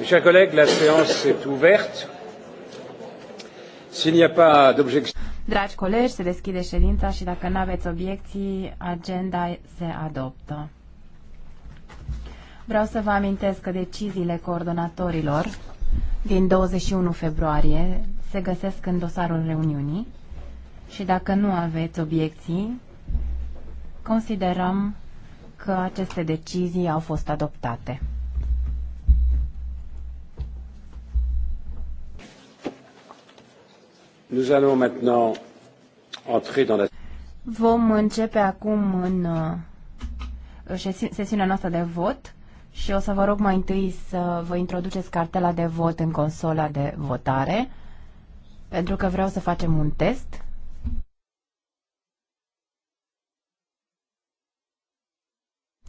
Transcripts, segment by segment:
Mes chers collègues, la séance est ouverte. S'il n'y a pas d'objection. Dragi colegi, se deschide ședința și dacă nu aveți obiecții, agenda se adoptă. Vreau să vă amintesc că deciziile coordonatorilor din 21 februarie se găsesc în dosarul reuniunii și dacă nu aveți obiecții, considerăm că aceste decizii au fost adoptate. Vom începe acum în uh, sesiunea noastră de vot și o să vă rog mai întâi să vă introduceți cartela de vot în consola de votare pentru că vreau să facem un test.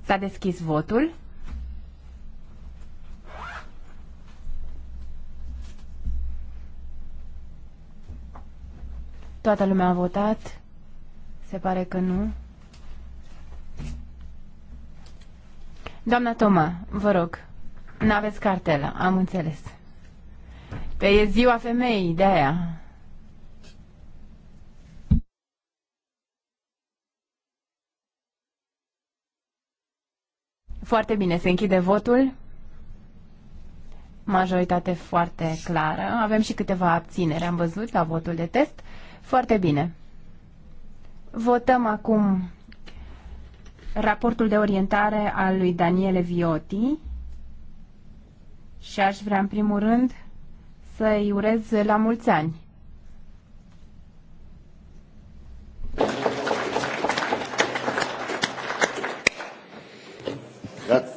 S-a deschis votul. Toată lumea a votat? Se pare că nu. Doamna Toma, vă rog, n-aveți cartela, am înțeles. Pe e ziua femeii, de aia. Foarte bine, se închide votul. Majoritate foarte clară. Avem și câteva abținere, am văzut la votul de test. Foarte bine. Votăm acum raportul de orientare al lui Daniele Vioti și aș vrea în primul rând să-i urez la mulți ani.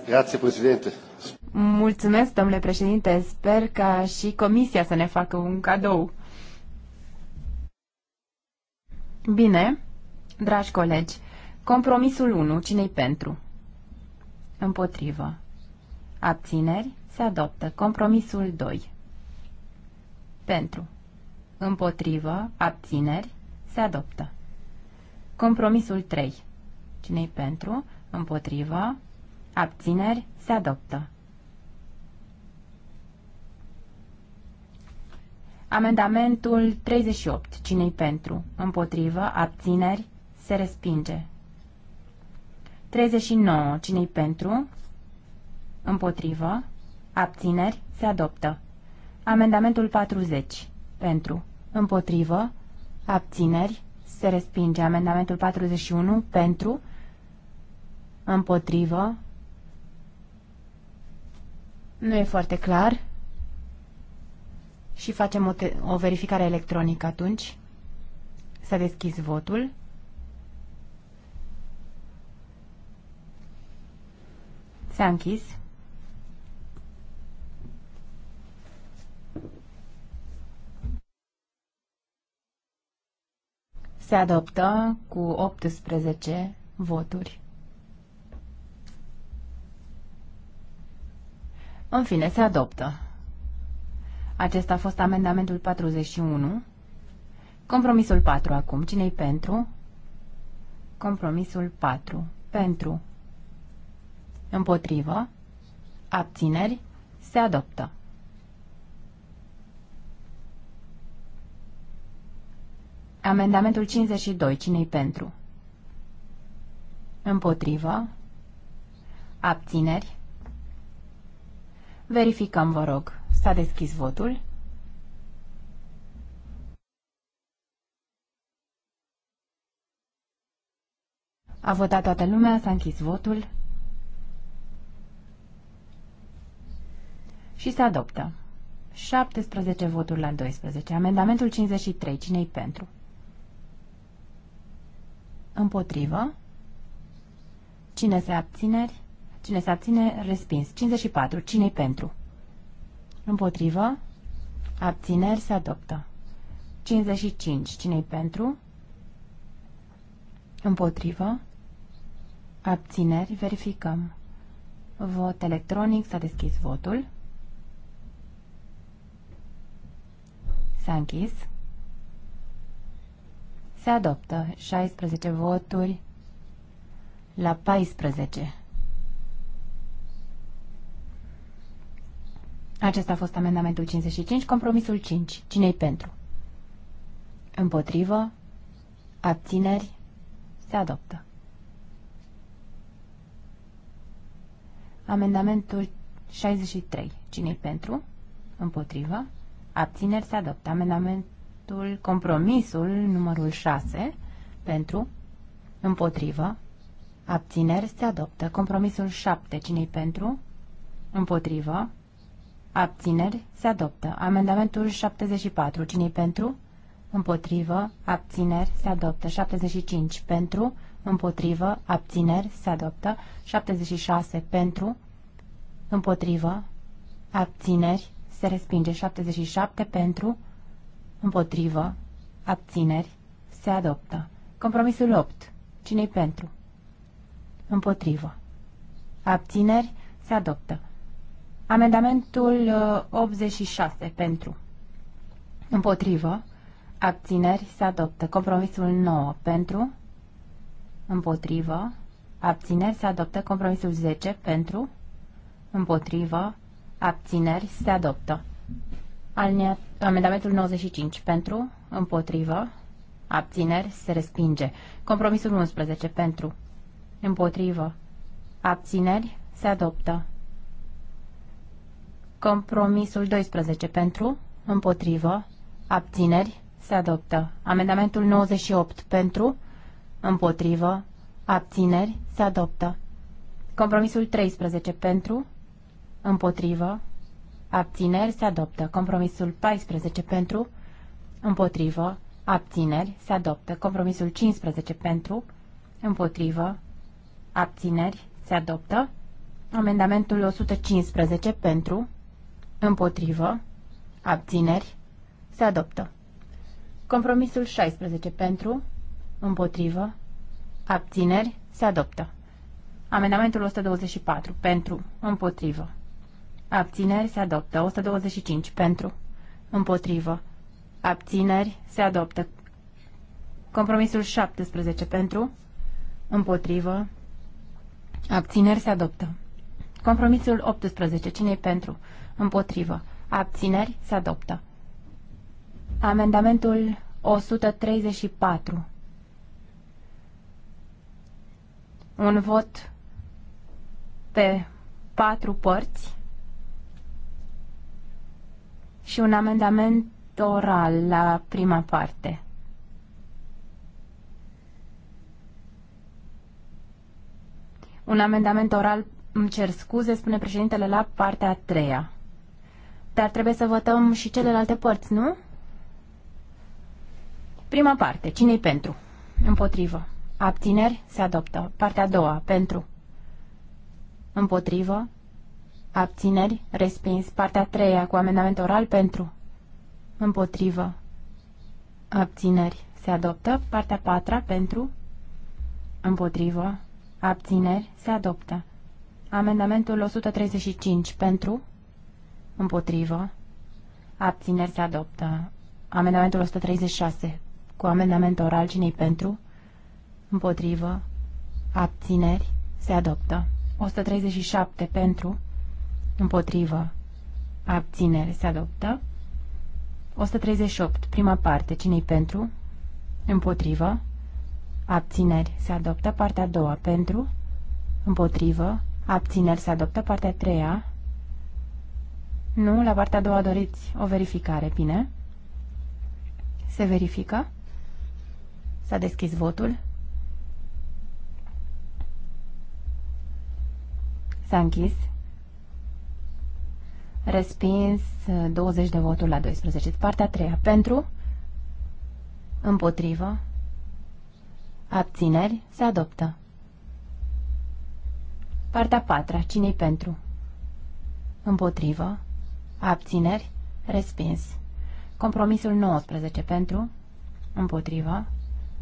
Grazie, Presidente. Mulțumesc, domnule președinte. Sper ca și comisia să ne facă un cadou. Bine, dragi colegi, compromisul 1, cine-i pentru? Împotrivă. Abțineri, se adoptă. Compromisul 2. Pentru. Împotrivă, abțineri, se adoptă. Compromisul 3. Cine-i pentru? Împotrivă, abțineri, se adoptă. Amendamentul 38. Cine-i pentru? Împotrivă? Abțineri? Se respinge. 39. Cine-i pentru? Împotrivă? Abțineri? Se adoptă. Amendamentul 40. Pentru. Împotrivă? Abțineri? Se respinge. Amendamentul 41. Pentru? Împotrivă? Nu e foarte clar și facem o, o verificare electronică atunci. S-a deschis votul. S-a închis. Se adoptă cu 18 voturi. În fine, se adoptă. Acesta a fost amendamentul 41. Compromisul 4 acum. Cine-i pentru? Compromisul 4. Pentru. Împotrivă. Abțineri. Se adoptă. Amendamentul 52. Cine-i pentru? Împotrivă. Abțineri. Verificăm, vă rog. S-a deschis votul. A votat toată lumea, s-a închis votul și se adoptă. 17 voturi la 12. Amendamentul 53. Cine-i pentru? Împotrivă. Cine se abține? Cine se abține? Respins. 54. Cine-i pentru? Împotrivă. Abțineri se adoptă. 55. cine pentru? Împotrivă. Abțineri. Verificăm. Vot electronic. S-a deschis votul. S-a închis. Se adoptă 16 voturi la 14. Acesta a fost amendamentul 55, compromisul 5. Cine-i pentru? Împotrivă? Abțineri? Se adoptă. Amendamentul 63. Cine-i pentru? Împotrivă? Abțineri? Se adoptă. Amendamentul, compromisul numărul 6. Pentru? Împotrivă? Abțineri? Se adoptă. Compromisul 7. Cine-i pentru? Împotrivă? Abțineri. Se adoptă. Amendamentul 74. Cine-i pentru? Împotrivă. Abțineri. Se adoptă. 75. Pentru. Împotrivă. Abțineri. Se adoptă. 76. Pentru. Împotrivă. Abțineri. Se respinge. 77. Pentru. Împotrivă. Abțineri. Se adoptă. Compromisul 8. Cine-i pentru? Împotrivă. Abțineri. Se adoptă. Amendamentul 86 uh, pentru. Împotrivă. Abțineri se adoptă. Compromisul 9 pentru. Împotrivă. Abțineri se adoptă. Compromisul 10 pentru. Împotrivă. Abțineri se adoptă. Alinea, amendamentul 95 pentru. Împotrivă. Abțineri se respinge. Compromisul 11 pentru. Împotrivă. Abțineri se adoptă. Compromisul 12 pentru, împotrivă, abțineri, se adoptă. Amendamentul 98 pentru, împotrivă, abțineri, se adoptă. Compromisul 13 pentru, împotrivă, abțineri, se adoptă. Compromisul 14 pentru, împotrivă, abțineri, se adoptă. Compromisul 15 pentru, împotrivă, abțineri, se adoptă. Amendamentul 115 pentru, Împotrivă. Abțineri. Se adoptă. Compromisul 16 pentru. Împotrivă. Abțineri. Se adoptă. Amendamentul 124 pentru. Împotrivă. Abțineri. Se adoptă. 125 pentru. Împotrivă. Abțineri. Se adoptă. Compromisul 17 pentru. Împotrivă. Abțineri. Se adoptă. Compromisul 18. Cine-i pentru? Împotrivă. Abțineri. Se adoptă. Amendamentul 134. Un vot pe patru părți și un amendament oral la prima parte. Un amendament oral, îmi cer scuze, spune președintele, la partea a treia. Dar trebuie să votăm și celelalte părți, nu? Prima parte. Cine-i pentru? Împotrivă. Abțineri? Se adoptă. Partea a doua. Pentru. Împotrivă. Abțineri? Respins. Partea a treia cu amendament oral pentru. Împotrivă. Abțineri. Se adoptă. Partea a patra pentru. Împotrivă. Abțineri. Se adoptă. Amendamentul 135 pentru. Împotrivă. Abțineri se adoptă. Amendamentul 136. Cu amendament oral cinei pentru? Împotrivă. Abțineri se adoptă. 137 pentru. Împotrivă. Abțineri se adoptă. 138. Prima parte. Cinei pentru? Împotrivă. Abțineri se adoptă. Partea a doua pentru? Împotrivă. Abțineri se adoptă. Partea a treia nu, la partea a doua doriți o verificare. Bine. Se verifică. S-a deschis votul. S-a închis. Respins 20 de voturi la 12. Partea a treia. Pentru. Împotrivă. Abțineri. Se adoptă. Partea a patra. Cine-i pentru? Împotrivă. Abțineri. Respins. Compromisul 19 pentru. Împotrivă.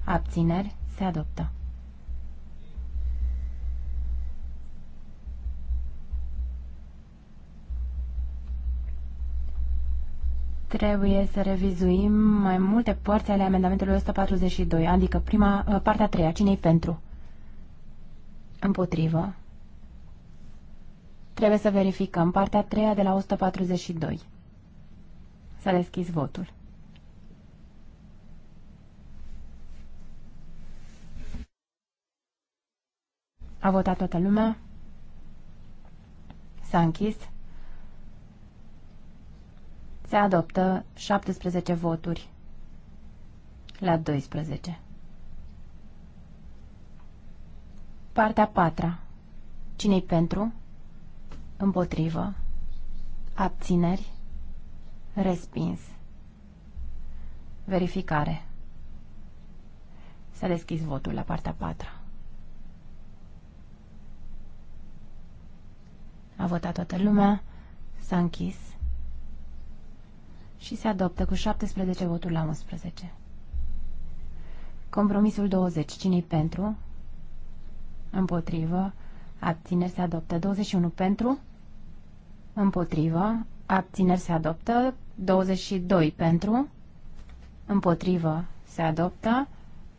Abțineri. Se adoptă. Trebuie să revizuim mai multe părți ale amendamentului 142, adică prima, uh, partea a treia. Cine-i pentru? Împotrivă. Trebuie să verificăm partea a treia de la 142. S-a deschis votul. A votat toată lumea. S-a închis. Se adoptă 17 voturi la 12. Partea 4. Cine-i pentru? Împotrivă. Abțineri. Respins. Verificare. S-a deschis votul la partea 4. A votat toată lumea, s-a închis și se adoptă cu 17 voturi la 11. Compromisul 20. cine pentru? Împotrivă abțineri se adoptă. 21 pentru, împotrivă, abțineri se adoptă. 22 pentru, împotrivă, se adoptă.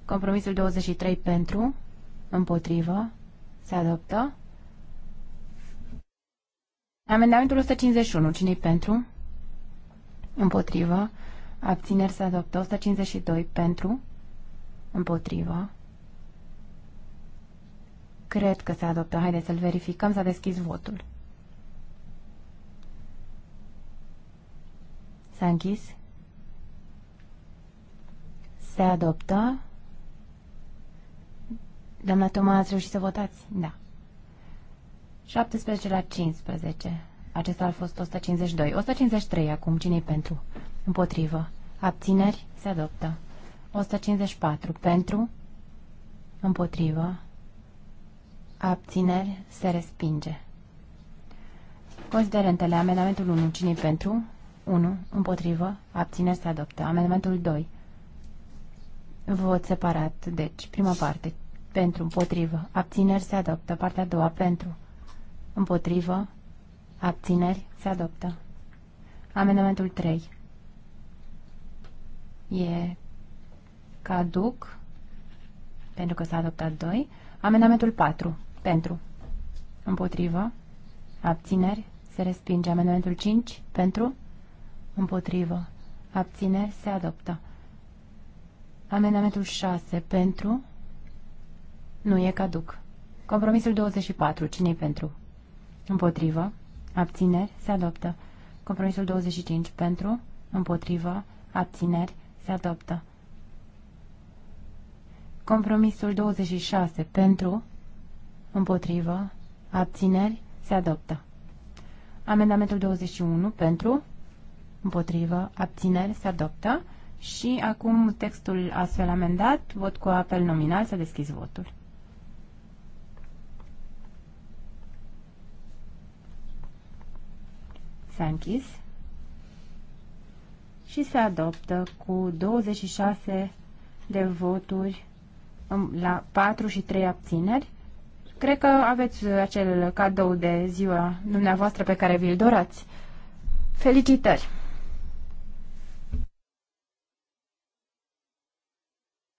Compromisul 23 pentru, împotrivă, se adoptă. Amendamentul 151, cine pentru? Împotrivă. Abțineri se adoptă 152 pentru. Împotrivă. Cred că se adoptă. Haideți să-l verificăm. S-a deschis votul. S-a închis. Se adoptă. Doamna Toma, ați reușit să votați? Da. 17 la 15. Acesta a fost 152. 153 acum. cine pentru? Împotrivă. Abțineri? Se adoptă. 154. Pentru? Împotrivă abțineri, se respinge. Considerentele, amendamentul 1, cine pentru? 1, împotrivă, abțineri, se adoptă. Amendamentul 2, vot separat, deci, prima parte, pentru, împotrivă, abțineri, se adoptă. Partea a doua, pentru, împotrivă, abțineri, se adoptă. Amendamentul 3 e caduc, pentru că s-a adoptat 2. Amendamentul 4. Pentru. Împotrivă. Abțineri. Se respinge. Amendamentul 5. Pentru. Împotrivă. Abțineri. Se adoptă. Amendamentul 6. Pentru. Nu e caduc. Compromisul 24. cine pentru? Împotrivă. Abțineri. Se adoptă. Compromisul 25. Pentru. Împotrivă. Abțineri. Se adoptă. Compromisul 26. Pentru. Împotrivă. Abțineri. Se adoptă. Amendamentul 21 pentru. Împotrivă. Abțineri. Se adoptă. Și acum textul astfel amendat, vot cu apel nominal, să deschis votul. S-a închis și se adoptă cu 26 de voturi um, la 4 și 3 abțineri. Cred că aveți acel cadou de ziua dumneavoastră pe care vi-l dorați. Felicitări!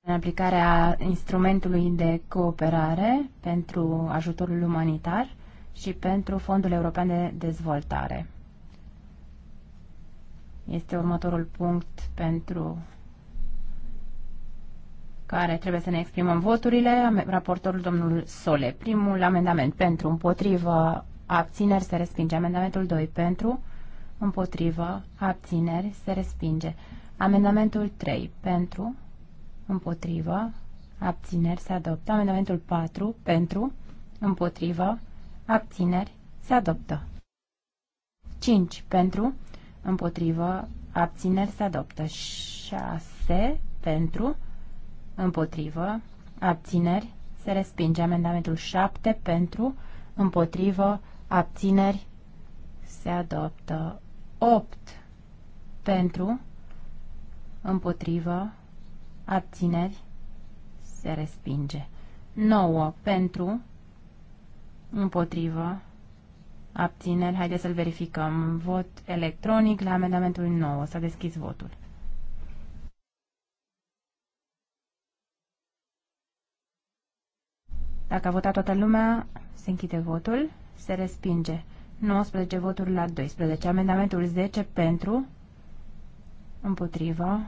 În aplicarea instrumentului de cooperare pentru ajutorul umanitar și pentru Fondul European de Dezvoltare. Este următorul punct pentru care trebuie să ne exprimăm voturile. Raportorul domnul Sole. Primul amendament pentru, împotrivă, abțineri se respinge. Amendamentul 2 pentru, împotrivă, abțineri se respinge. Amendamentul 3 pentru, împotrivă, abțineri se adoptă. Amendamentul 4 pentru, împotrivă, abțineri se adoptă. 5 pentru, împotrivă, abțineri se adoptă. 6 pentru, împotrivă, abțineri, se respinge. Amendamentul 7 pentru, împotrivă, abțineri, se adoptă. 8 pentru, împotrivă, abțineri, se respinge. 9 pentru, împotrivă, abțineri. Haideți să-l verificăm. Vot electronic la amendamentul 9. S-a deschis votul. Dacă a votat toată lumea, se închide votul, se respinge. 19 voturi la 12. Amendamentul 10 pentru, împotrivă,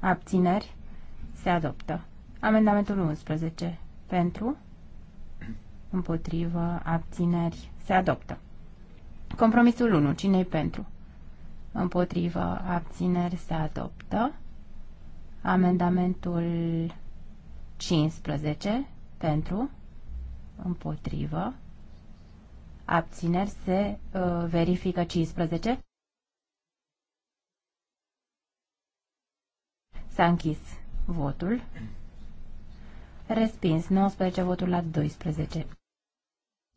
abțineri, se adoptă. Amendamentul 11 pentru, împotrivă, abțineri, se adoptă. Compromisul 1. cine pentru? Împotrivă, abțineri, se adoptă. Amendamentul 15 pentru, împotrivă, abțineri se uh, verifică 15. S-a închis votul. Respins 19 votul la 12.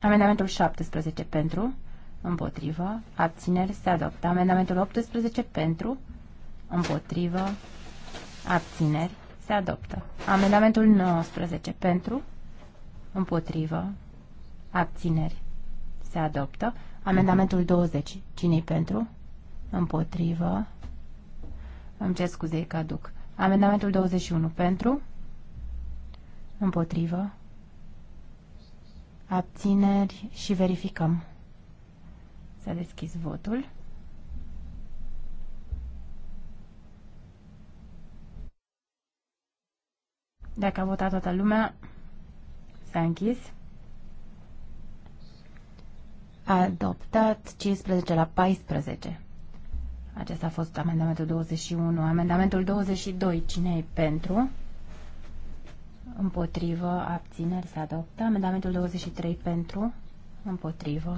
Amendamentul 17 pentru, împotrivă, abțineri se adoptă. Amendamentul 18 pentru, împotrivă, abțineri se adoptă. Amendamentul 19 pentru, Împotrivă. Abțineri. Se adoptă. Amendamentul 20. Cine-i pentru? Împotrivă. Îmi cer scuze că aduc. Amendamentul 21. Pentru? Împotrivă. Abțineri și verificăm. S-a deschis votul. Dacă a votat toată lumea, S-a închis. Adoptat 15 la 14. Acesta a fost amendamentul 21. Amendamentul 22. Cine e pentru? Împotrivă. Abțineri. Se adoptă. Amendamentul 23 pentru. Împotrivă.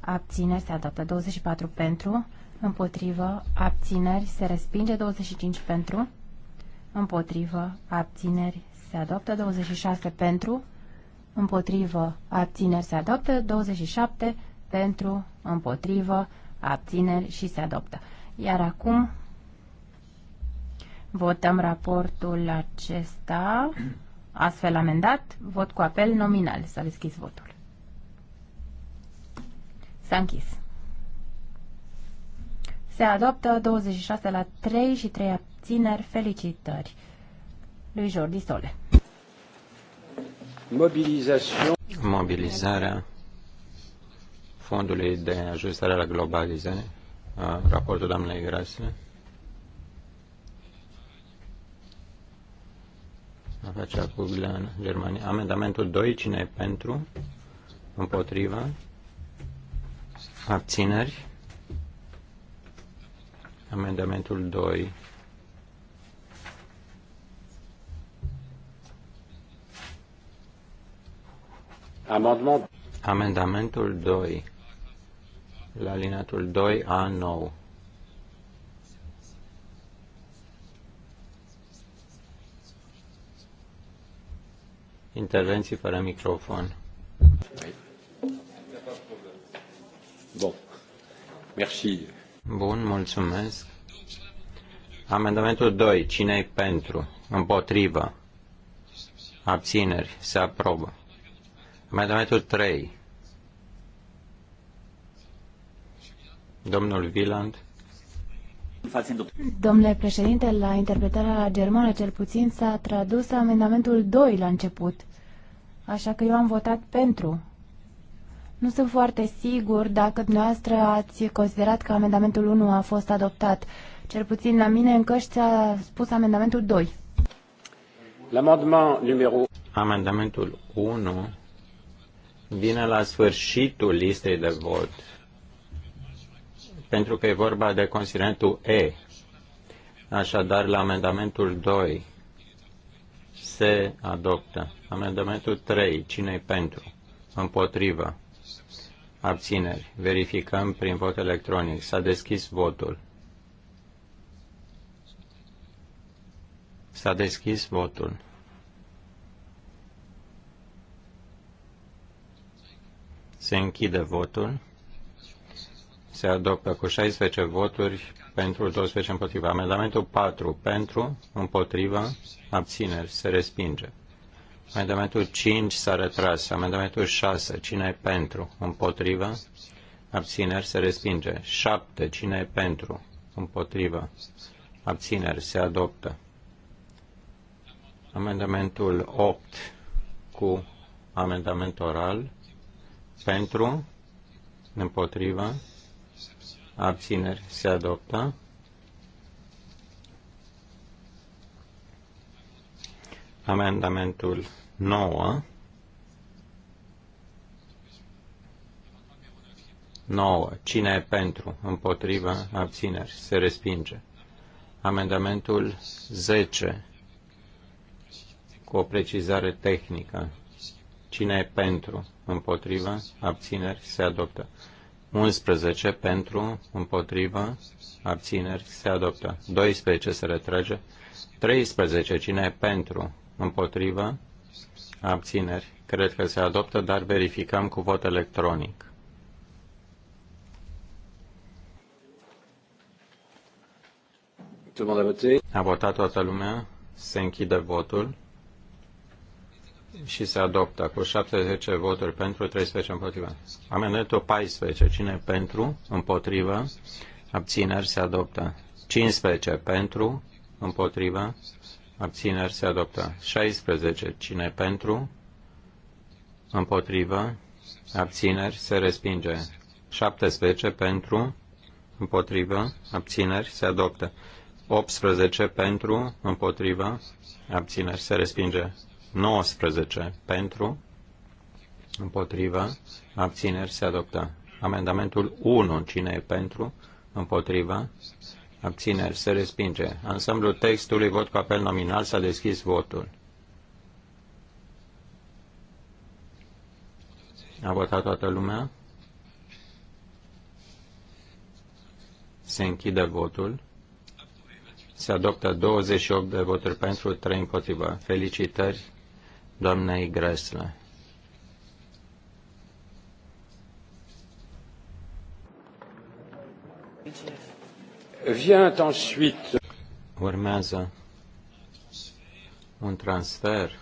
Abțineri. Se adoptă. 24 pentru. Împotrivă. Abțineri. Se respinge. 25 pentru. Împotrivă. Abțineri. Se adoptă. 26 pentru împotrivă, abțineri se adoptă, 27 pentru, împotrivă, abțineri și se adoptă. Iar acum votăm raportul acesta, astfel amendat, vot cu apel nominal. S-a deschis votul. S-a închis. Se adoptă 26 la 3 și 3 abțineri. Felicitări lui Jordi Sole. Mobilizarea Fondului de Ajustare la Globalizare, raportul doamnei Grasle. Afacea publică în Germania. Amendamentul 2, cine e pentru? Împotriva? Abțineri? Amendamentul 2 Amendamentul 2 la alineatul 2A9. Intervenții fără microfon. Bun. Merci. Bun, mulțumesc. Amendamentul 2. Cine e pentru? Împotrivă? Abțineri. Se aprobă. Amendamentul 3. Domnul Wieland. Domnule președinte, la interpretarea germană cel puțin s-a tradus amendamentul 2 la început, așa că eu am votat pentru. Nu sunt foarte sigur dacă dumneavoastră ați considerat că amendamentul 1 a fost adoptat. Cel puțin la mine în căști s-a spus amendamentul 2. Amendamentul 1 vine la sfârșitul listei de vot, pentru că e vorba de considerentul E. Așadar, la amendamentul 2 se adoptă. Amendamentul 3. Cine-i pentru? Împotrivă. Abțineri. Verificăm prin vot electronic. S-a deschis votul. S-a deschis votul. Se închide votul. Se adoptă cu 16 voturi pentru 12 împotriva. Amendamentul 4 pentru, împotriva, abțineri, se respinge. Amendamentul 5 s-a retras. Amendamentul 6, cine e pentru, împotriva, abțineri, se respinge. 7, cine e pentru, împotriva, abțineri, se adoptă. Amendamentul 8 cu amendament oral pentru, împotriva, abțineri se adoptă. Amendamentul 9 9. Cine e pentru, împotriva, abțineri, se respinge. Amendamentul 10. Cu o precizare tehnică. Cine e pentru, împotriva, abțineri, se adoptă. 11 pentru, împotriva, abțineri, se adoptă. 12 se retrage. 13 cine e pentru, împotriva, abțineri, cred că se adoptă, dar verificăm cu vot electronic. A votat toată lumea, se închide votul și se adoptă cu 70 voturi pentru, 13 împotriva. Amendamentul 14. Cine pentru, împotrivă, abțineri se adoptă. 15 pentru, împotrivă, abțineri se adoptă. 16. Cine pentru, împotrivă, abțineri se respinge. 17 pentru, împotrivă, abțineri se adoptă. 18 pentru, împotrivă, abțineri se respinge. 19 pentru, împotrivă, abțineri se adoptă. Amendamentul 1, cine e pentru, împotrivă, abțineri se respinge. Ansamblul textului, vot cu apel nominal, s-a deschis votul. A votat toată lumea? Se închide votul. Se adoptă 28 de voturi pentru, 3 împotrivă. Felicitări doamnei Gresle. Vient ensuite... Urmează un transfer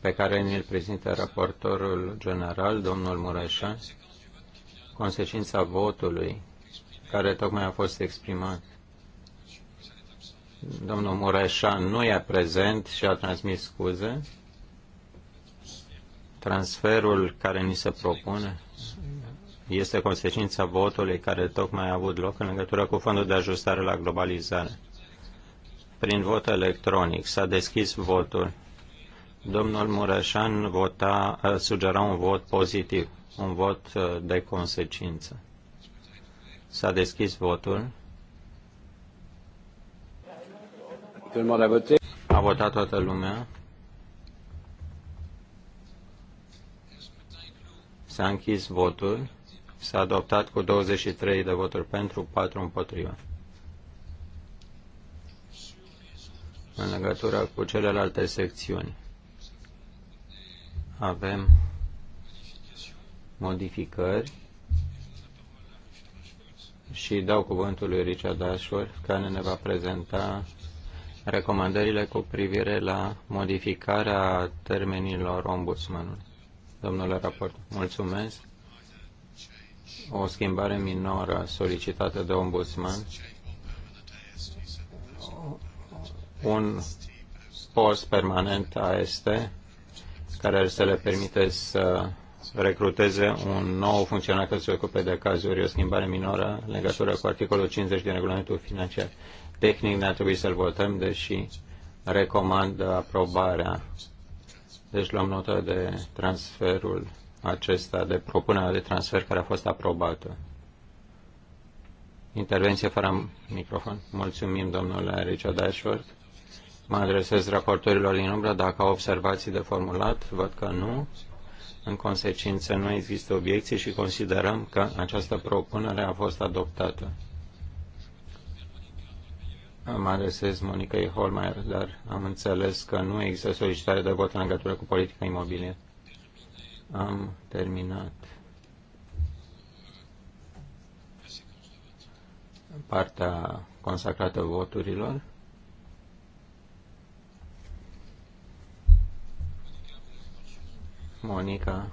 pe care ne-l prezintă raportorul general, domnul Mureșan, consecința votului care tocmai a fost exprimat. Domnul Mureșan nu e prezent și a transmis scuze. Transferul care ni se propune este consecința votului care tocmai a avut loc în legătură cu Fondul de Ajustare la Globalizare. Prin vot electronic s-a deschis votul. Domnul Mureșan vota, sugera un vot pozitiv, un vot de consecință. S-a deschis votul. A votat toată lumea. S-a închis votul. S-a adoptat cu 23 de voturi pentru, 4 împotriva. În legătură cu celelalte secțiuni, avem modificări și dau cuvântul lui Richard Ashworth, care ne va prezenta recomandările cu privire la modificarea termenilor ombudsmanului. Domnule raportor, mulțumesc. O schimbare minoră solicitată de ombudsman. Un post permanent a este care să le permite să recruteze un nou funcționar care se ocupe de cazuri, o schimbare minoră în legătură cu articolul 50 din regulamentul financiar tehnic ne a trebuit să-l votăm, deși recomand aprobarea. Deci luăm notă de transferul acesta, de propunerea de transfer care a fost aprobată. Intervenție fără microfon. Mulțumim, domnule Richard Ashford. Mă adresez raportorilor din umbră dacă au observații de formulat. Văd că nu. În consecință, nu există obiecții și considerăm că această propunere a fost adoptată mă adresez Monica Holmeier, dar am înțeles că nu există solicitare de vot în legătură cu politica imobilie. Am terminat. partea consacrată voturilor. Monica,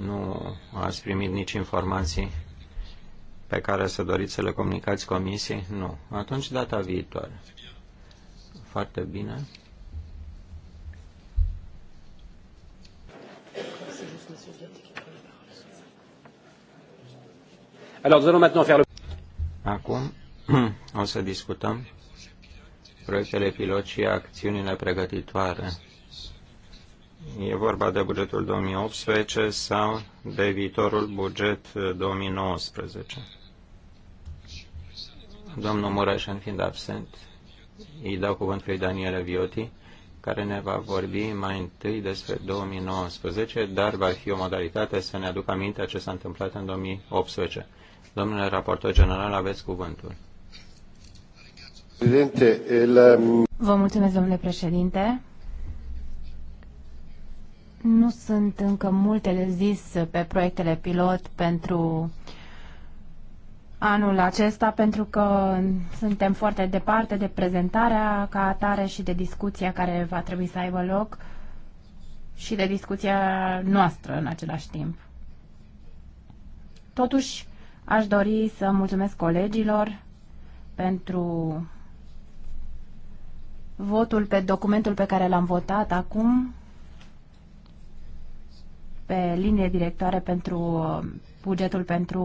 nu ați primit nici informații pe care să doriți să le comunicați comisiei? Nu. Atunci data viitoare. Foarte bine. Acum o să discutăm proiectele pilot și acțiunile pregătitoare. E vorba de bugetul 2018 sau de viitorul buget 2019 domnul Mureșan fiind absent, îi dau cuvântul lui Daniela Vioti, care ne va vorbi mai întâi despre 2019, dar va fi o modalitate să ne aduc aminte ce s-a întâmplat în 2018. Domnule raportor general, aveți cuvântul. Vă mulțumesc, domnule președinte. Nu sunt încă multe zis pe proiectele pilot pentru uh, anul acesta pentru că suntem foarte departe de prezentarea ca atare și de discuția care va trebui să aibă loc și de discuția noastră în același timp. Totuși, aș dori să mulțumesc colegilor pentru votul pe documentul pe care l-am votat acum pe linie directoare pentru uh, bugetul pentru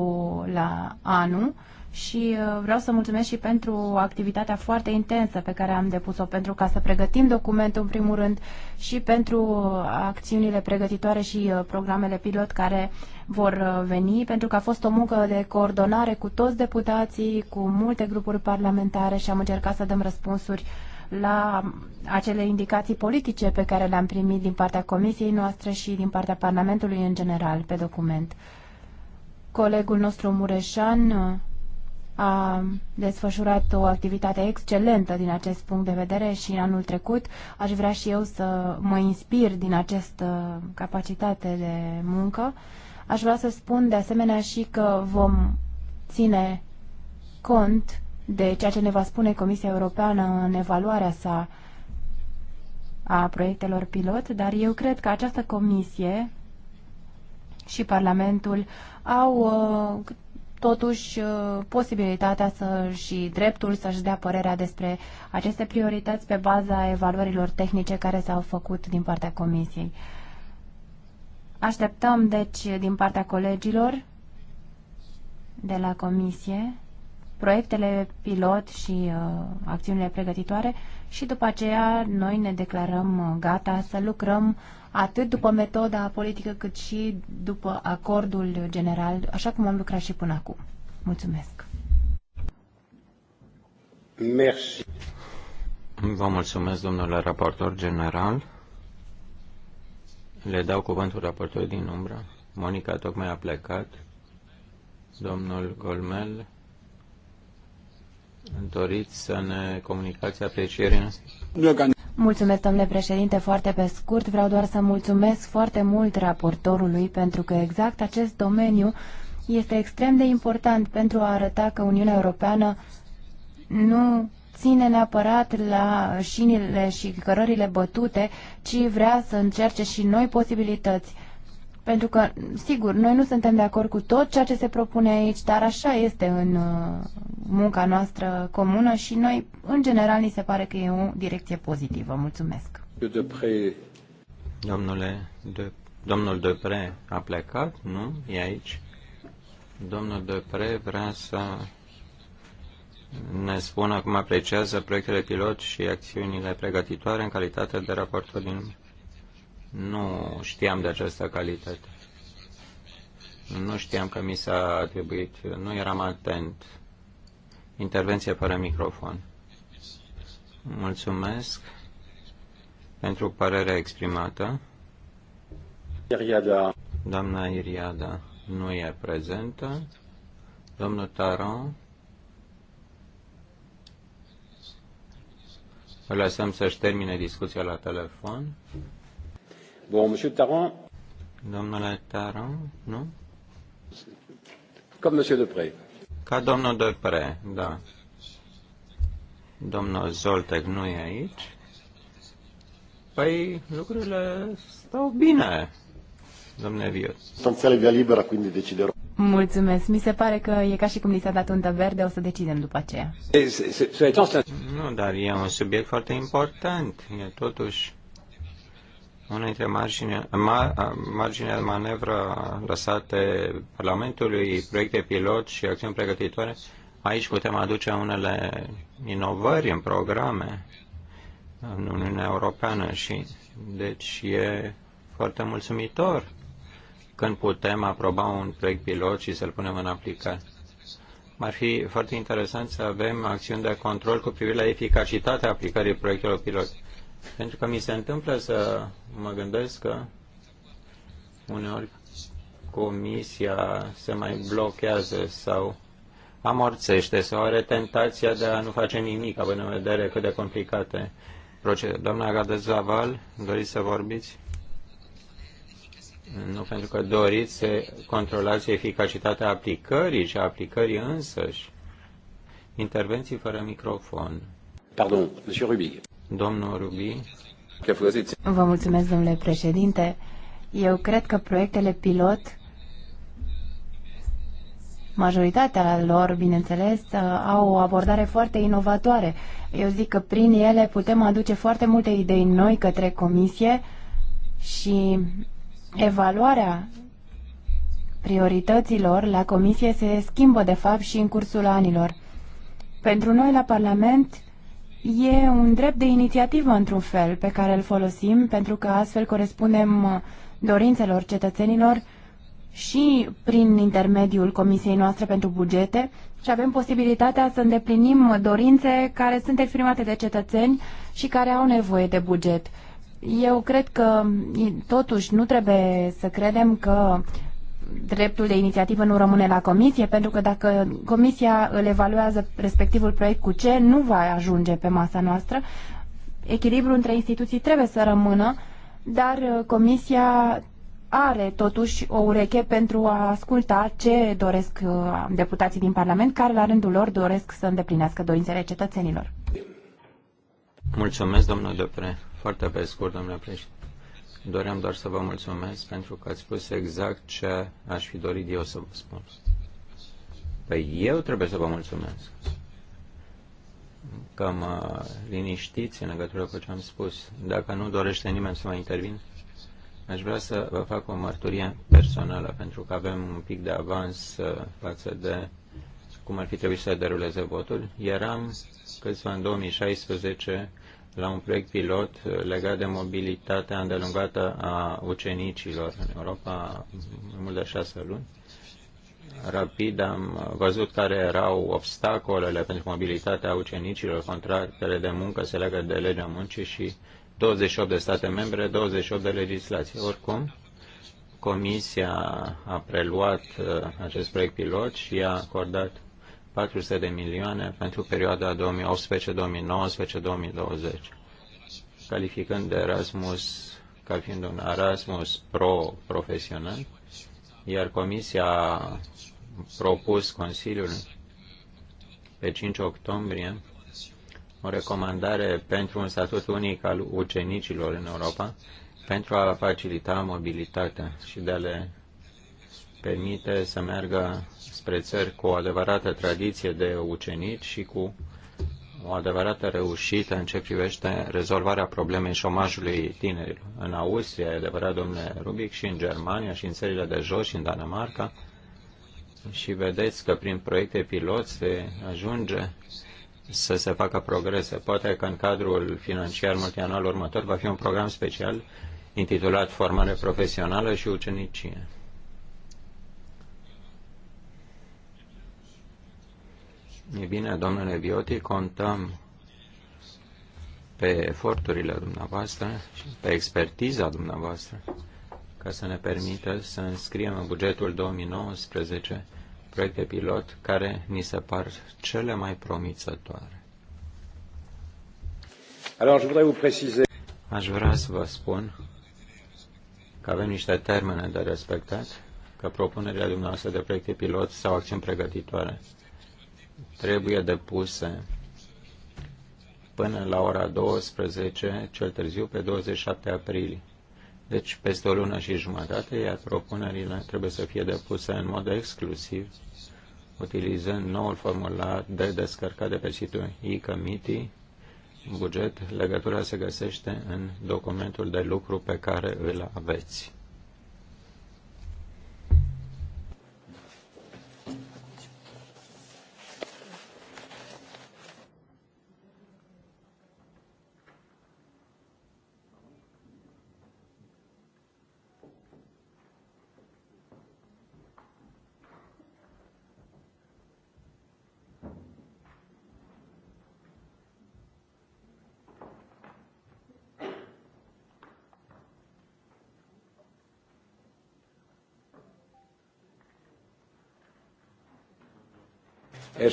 la anul și uh, vreau să mulțumesc și pentru activitatea foarte intensă pe care am depus-o pentru ca să pregătim documentul în primul rând și pentru uh, acțiunile pregătitoare și programele pilot care vor veni, pentru că a fost o muncă de coordonare cu toți deputații, cu multe grupuri parlamentare și am încercat să dăm răspunsuri uh, la acele indicații politice pe care le-am primit din partea Comisiei noastre și din partea Parlamentului în general pe document. Colegul nostru Mureșan uh, a desfășurat o activitate excelentă din acest punct de vedere și în anul trecut aș vrea și eu să mă inspir din această capacitate de muncă. Aș vrea să spun de asemenea și că vom ține cont de ceea ce ne va spune Comisia Europeană în evaluarea sa a proiectelor pilot, dar eu cred că această comisie și Parlamentul au uh, totuși uh, posibilitatea să și dreptul să-și dea părerea despre aceste priorități pe baza evaluărilor tehnice care s-au făcut din partea Comisiei. Așteptăm, deci, din partea colegilor de la Comisie proiectele pilot și uh, acțiunile pregătitoare și după aceea noi ne declarăm uh, gata să lucrăm atât după metoda politică cât și după acordul general, așa cum am lucrat și până acum. Mulțumesc! Merci. Vă mulțumesc, domnule raportor general. Le dau cuvântul raportorului din umbră. Monica tocmai a plecat. Domnul Golmel Doriți să ne comunicați aprecierea? Mulțumesc, domnule președinte, foarte pe scurt. Vreau doar să mulțumesc foarte mult raportorului pentru că exact acest domeniu este extrem de important pentru a arăta că Uniunea Europeană nu ține neapărat la șinile și cărările bătute, ci vrea să încerce și noi posibilități. Pentru că, sigur, noi nu suntem de acord cu tot ceea ce se propune aici, dar așa este în uh, munca noastră comună și noi, în general, ni se pare că e o direcție pozitivă. Mulțumesc. Domnule de, domnul Depre a plecat, nu? E aici. Domnul Depre vrea să ne spună cum apreciază proiectele pilot și acțiunile pregătitoare în calitate de raportor din nu știam de această calitate. Nu știam că mi s-a atribuit. Nu eram atent. Intervenție fără microfon. Mulțumesc pentru părerea exprimată. Iriada. Doamna Iriada nu e prezentă. Domnul Taron. Îl lăsăm să-și termine discuția la telefon. Bun, monsieur Taron, Domnule Taron, nu? Comme monsieur Depré. Ca domnul Depre, da. Domnul Zoltec nu e aici. Păi lucrurile stau bine, domnule Viu. Viot. Stanțele via liberă, quindi deciderò. Mulțumesc. Mi se pare că e ca și cum li s-a dat undă verde, o să decidem după aceea. Nu, dar e un subiect foarte important. E totuși una dintre marginea, mar, marginea de manevră lăsate Parlamentului, proiecte pilot și acțiuni pregătitoare, aici putem aduce unele inovări în programe în Uniunea Europeană și deci e foarte mulțumitor când putem aproba un proiect pilot și să-l punem în aplicare. Ar fi foarte interesant să avem acțiuni de control cu privire la eficacitatea aplicării proiectelor pilot. Pentru că mi se întâmplă să mă gândesc că uneori comisia se mai blochează sau amorțește sau are tentația de a nu face nimic, având în vedere cât de complicate procede. Doamna Zaval, doriți să vorbiți? Nu pentru că doriți să controlați eficacitatea aplicării și aplicării însăși. Intervenții fără microfon. Pardon, Monsieur Rubic. Domnul Rubi. Vă mulțumesc, domnule președinte. Eu cred că proiectele pilot, majoritatea lor, bineînțeles, uh, au o abordare foarte inovatoare. Eu zic că prin ele putem aduce foarte multe idei noi către comisie și evaluarea priorităților la comisie se schimbă, de fapt, și în cursul anilor. Pentru noi, la Parlament, E un drept de inițiativă, într-un fel, pe care îl folosim, pentru că astfel corespundem uh, dorințelor cetățenilor și prin intermediul Comisiei noastre pentru bugete și avem posibilitatea să îndeplinim dorințe care sunt exprimate de cetățeni și care au nevoie de buget. Eu cred că totuși nu trebuie să credem că dreptul de inițiativă nu rămâne la comisie, pentru că dacă comisia îl evaluează respectivul proiect cu ce, nu va ajunge pe masa noastră. Echilibrul între instituții trebuie să rămână, dar uh, comisia are totuși o ureche pentru a asculta ce doresc uh, deputații din Parlament, care la rândul lor doresc să îndeplinească dorințele cetățenilor. Mulțumesc, domnule Depre. Foarte pe scurt, domnule președinte. Doream doar să vă mulțumesc pentru că ați spus exact ce aș fi dorit eu să vă spun. Păi eu trebuie să vă mulțumesc că mă liniștiți în legătură cu ce am spus. Dacă nu dorește nimeni să mai intervin, aș vrea să vă fac o mărturie personală, pentru că avem un pic de avans uh, față de cum ar fi trebuit să deruleze votul. Eram câțiva în 2016 la un proiect pilot uh, legat de mobilitatea îndelungată a ucenicilor în Europa, mai mult de șase luni. Rapid am văzut care erau obstacolele pentru mobilitatea ucenicilor. Contractele de muncă se legă de legea muncii și 28 de state membre, 28 de legislații. Oricum, Comisia a preluat uh, acest proiect pilot și a acordat 400 de milioane pentru perioada 2018-2019-2020, calificând de Erasmus ca fiind un Erasmus pro-profesional, iar Comisia a propus Consiliul pe 5 octombrie o recomandare pentru un statut unic al ucenicilor în Europa pentru a facilita mobilitatea și de a le permite să meargă spre țări cu o adevărată tradiție de ucenici și cu o adevărată reușită în ce privește rezolvarea problemei șomajului tinerilor. În Austria, e adevărat, domnule Rubic, și în Germania, și în țările de jos, și în Danemarca. Și vedeți că prin proiecte pilot se ajunge să se facă progrese. Poate că în cadrul financiar multianual următor va fi un program special intitulat Formare profesională și ucenicie. E bine, domnule Bioti, contăm pe eforturile dumneavoastră și pe expertiza dumneavoastră ca să ne permită să înscriem în bugetul 2019 proiecte pilot care ni se par cele mai promițătoare. Alors, Aș vrea să vă spun că avem niște termene de respectat, că propunerile dumneavoastră de proiecte pilot sau acțiuni pregătitoare trebuie depuse până la ora 12, cel târziu pe 27 aprilie. Deci, peste o lună și jumătate, iar propunerile trebuie să fie depuse în mod exclusiv, utilizând noul formular de descărcat de pe situl e-committee. Buget, legătura se găsește în documentul de lucru pe care îl aveți.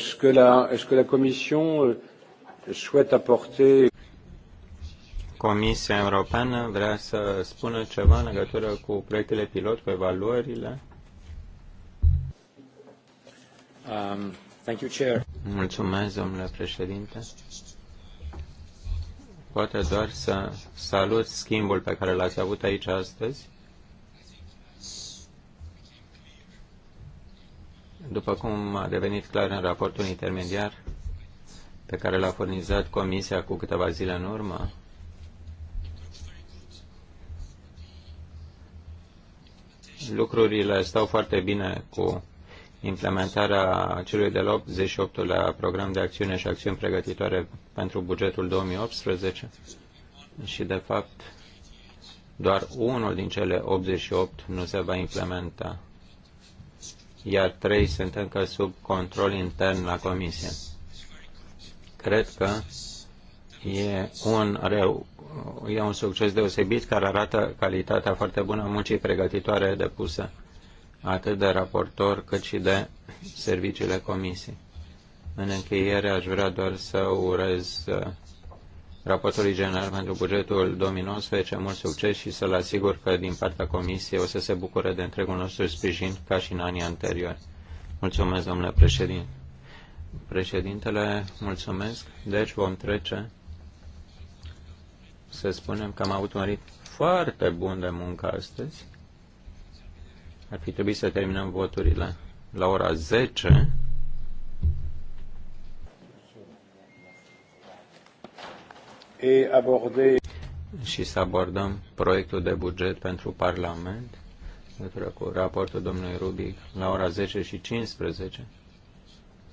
Est-ce que, la, est que la Commission euh, souhaite apporter Comisia Europeană vrea să spună ceva în legătură cu proiectele pilot, cu evaluările? Um, thank you, Chair. Mulțumesc, domnule președinte. Poate doar să salut schimbul pe care l-ați avut aici astăzi După cum a devenit clar în raportul intermediar pe care l-a furnizat Comisia cu câteva zile în urmă, lucrurile stau foarte bine cu implementarea celui de-al 88-lea program de acțiune și acțiuni pregătitoare pentru bugetul 2018 și, de fapt, doar unul din cele 88 nu se va implementa iar trei sunt încă sub control intern la Comisie. Cred că e un reu, e un succes deosebit care arată calitatea foarte bună a muncii pregătitoare depusă atât de raportor cât și de serviciile Comisiei. În încheiere aș vrea doar să urez uh, raportului general pentru bugetul 2019 mult succes și să-l asigur că din partea Comisiei o să se bucure de întregul nostru sprijin ca și în anii anteriori. Mulțumesc, domnule președinte. Președintele, mulțumesc. Deci vom trece, să spunem că am avut un ritm foarte bun de muncă astăzi. Ar fi trebuit să terminăm voturile la ora 10. și să abordăm proiectul de buget pentru Parlament, pentru cu raportul domnului Rubic, la ora 10 și 15.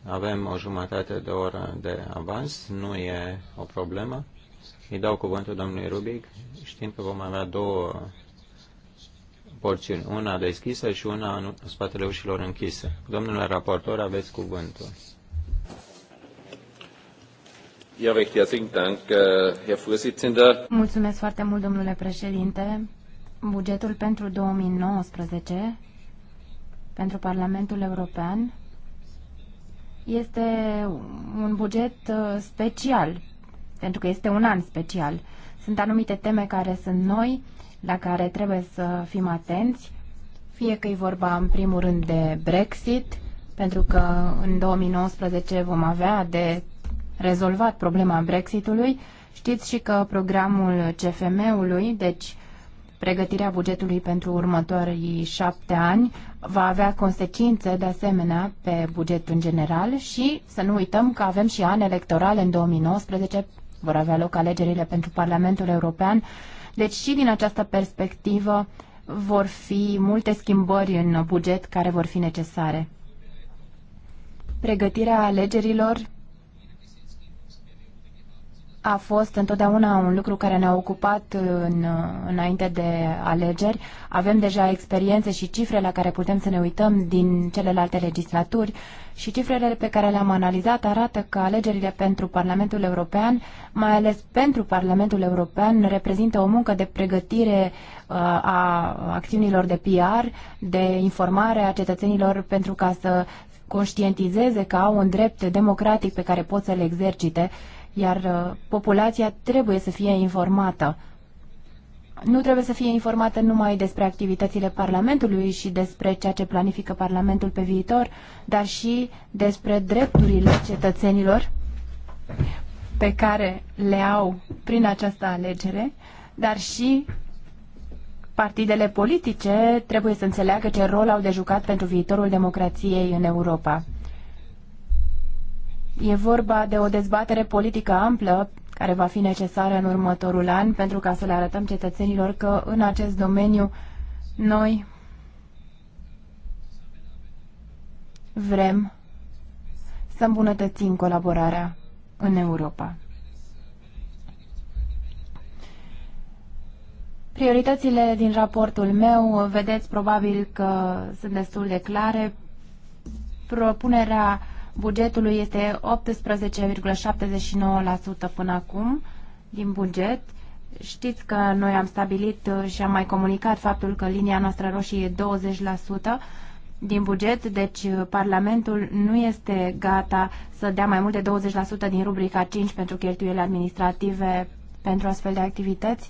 Avem o jumătate de oră de avans, nu e o problemă. Îi dau cuvântul domnului Rubic, știind că vom avea două porțiuni, una deschisă și una în spatele ușilor închise. Domnule raportor, aveți cuvântul. Ja, herzlichen Dank, äh, Herr Vorsitzender. Mulțumesc foarte mult, domnule președinte. Bugetul pentru 2019 pentru Parlamentul European este un buget uh, special, pentru că este un an special. Sunt anumite teme care sunt noi, la care trebuie să fim atenți, fie că e vorba în primul rând de Brexit, pentru că în 2019 vom avea de rezolvat problema Brexitului. Știți și că programul CFM-ului, deci pregătirea bugetului pentru următorii șapte ani, va avea consecințe de asemenea pe bugetul în general și să nu uităm că avem și an electoral în 2019, vor avea loc alegerile pentru Parlamentul European, deci și din această perspectivă vor fi multe schimbări în buget care vor fi necesare. Pregătirea alegerilor a fost întotdeauna un lucru care ne-a ocupat în, înainte de alegeri. Avem deja experiențe și cifre la care putem să ne uităm din celelalte legislaturi și cifrele pe care le-am analizat arată că alegerile pentru Parlamentul European, mai ales pentru Parlamentul European, reprezintă o muncă de pregătire uh, a acțiunilor de PR, de informare a cetățenilor pentru ca să conștientizeze că au un drept democratic pe care pot să-l exercite iar uh, populația trebuie să fie informată. Nu trebuie să fie informată numai despre activitățile Parlamentului și despre ceea ce planifică Parlamentul pe viitor, dar și despre drepturile cetățenilor pe care le au prin această alegere, dar și partidele politice trebuie să înțeleagă ce rol au de jucat pentru viitorul democrației în Europa. E vorba de o dezbatere politică amplă care va fi necesară în următorul an pentru ca să le arătăm cetățenilor că în acest domeniu noi vrem să îmbunătățim colaborarea în Europa. Prioritățile din raportul meu, vedeți probabil că sunt destul de clare. Propunerea bugetului este 18,79% până acum din buget. Știți că noi am stabilit și am mai comunicat faptul că linia noastră roșie e 20% din buget, deci Parlamentul nu este gata să dea mai mult de 20% din rubrica 5 pentru cheltuielile administrative pentru astfel de activități.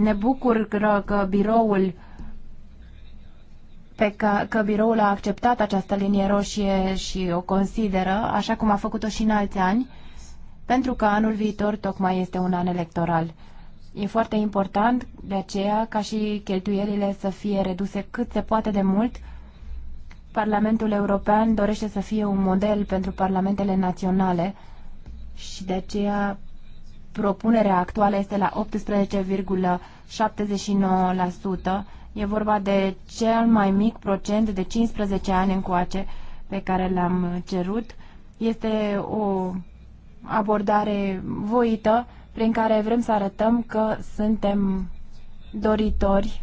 Ne bucur că biroul pe că, că biroul a acceptat această linie roșie și o consideră, așa cum a făcut-o și în alți ani, pentru că anul viitor tocmai este un an electoral. E foarte important de aceea ca și cheltuielile să fie reduse cât se poate de mult. Parlamentul European dorește să fie un model pentru parlamentele naționale și de aceea propunerea actuală este la 18,79%, E vorba de cel mai mic procent de 15 ani încoace pe care l-am cerut. Este o abordare voită prin care vrem să arătăm că suntem doritori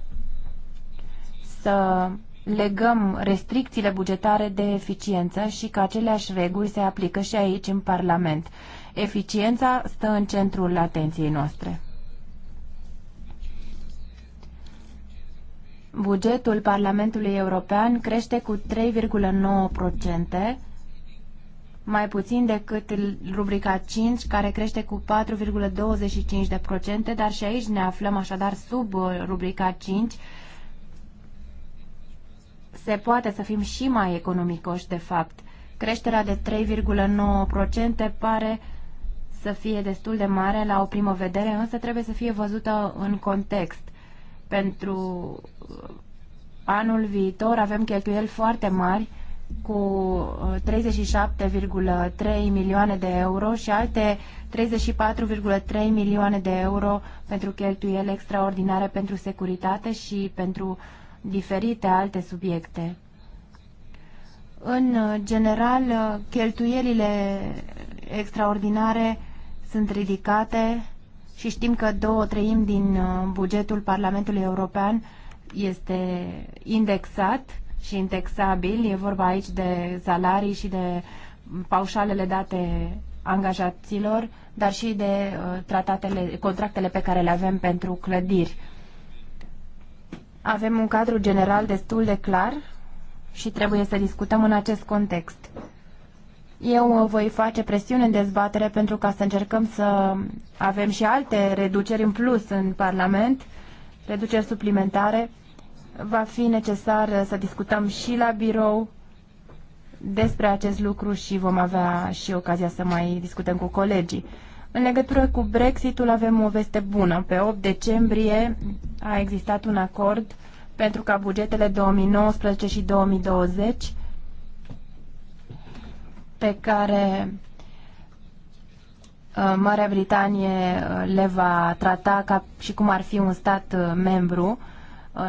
să legăm restricțiile bugetare de eficiență și că aceleași reguli se aplică și aici în Parlament. Eficiența stă în centrul atenției noastre. Bugetul Parlamentului European crește cu 3,9%, mai puțin decât rubrica 5, care crește cu 4,25%, dar și aici ne aflăm așadar sub uh, rubrica 5. Se poate să fim și mai economicoși, de fapt. Creșterea de 3,9% pare să fie destul de mare la o primă vedere, însă trebuie să fie văzută în context. Pentru anul viitor avem cheltuieli foarte mari cu 37,3 uh, milioane de euro și alte 34,3 milioane de euro pentru cheltuieli extraordinare pentru securitate și pentru diferite alte subiecte. În general, uh, cheltuielile extraordinare sunt ridicate și știm că două treimi din uh, bugetul Parlamentului European este indexat și indexabil. E vorba aici de salarii și de paușalele date angajaților, dar și de uh, tratatele, contractele pe care le avem pentru clădiri. Avem un cadru general destul de clar și trebuie să discutăm în acest context. Eu uh, voi face presiune în dezbatere pentru ca să încercăm să avem și alte reduceri în plus în Parlament, reduceri suplimentare. Va fi necesar uh, să discutăm și la birou despre acest lucru și vom avea și ocazia să mai discutăm cu colegii. În legătură cu Brexitul avem o veste bună. Pe 8 decembrie a existat un acord pentru ca bugetele 2019 și 2020 pe care uh, Marea Britanie uh, le va trata ca și cum ar fi un stat uh, membru.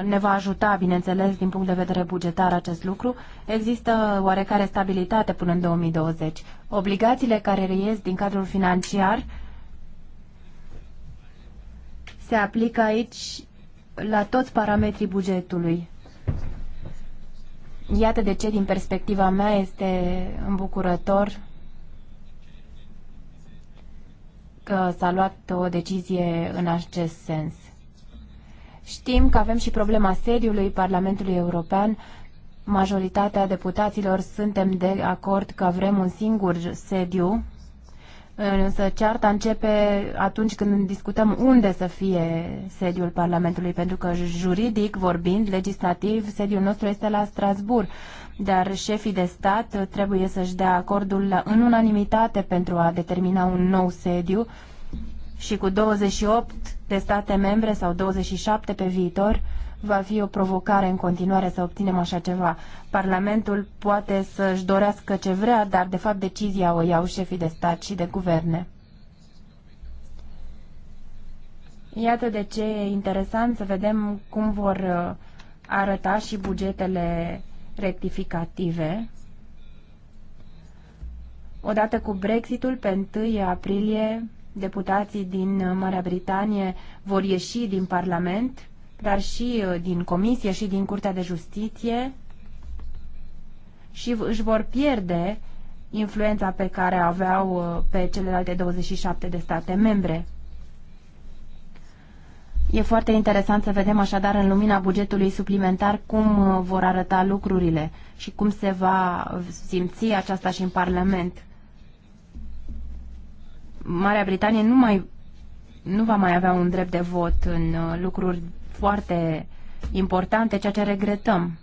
Ne va ajuta, bineînțeles, din punct de vedere bugetar acest lucru. Există oarecare stabilitate până în 2020. Obligațiile care ies din cadrul financiar se aplică aici la toți parametrii bugetului. Iată de ce, din perspectiva mea, este îmbucurător că s-a luat o decizie în acest sens. Știm că avem și problema sediului Parlamentului European. Majoritatea deputaților suntem de acord că vrem un singur sediu Însă cearta începe atunci când discutăm unde să fie sediul Parlamentului, pentru că juridic vorbind, legislativ, sediul nostru este la Strasbourg, Dar șefii de stat trebuie să-și dea acordul în unanimitate pentru a determina un nou sediu și cu 28 de state membre sau 27 pe viitor, va fi o provocare în continuare să obținem așa ceva. Parlamentul poate să-și dorească ce vrea, dar de fapt decizia o iau șefii de stat și de guverne. Iată de ce e interesant să vedem cum vor uh, arăta și bugetele rectificative. Odată cu Brexitul, pe 1 aprilie, deputații din uh, Marea Britanie vor ieși din Parlament dar și uh, din Comisie și din Curtea de Justiție și își vor pierde influența pe care aveau uh, pe celelalte 27 de state membre. E foarte interesant să vedem așadar în lumina bugetului suplimentar cum uh, vor arăta lucrurile și cum se va simți aceasta și în Parlament. Marea Britanie nu mai nu va mai avea un drept de vot în lucruri foarte importante, ceea ce regretăm.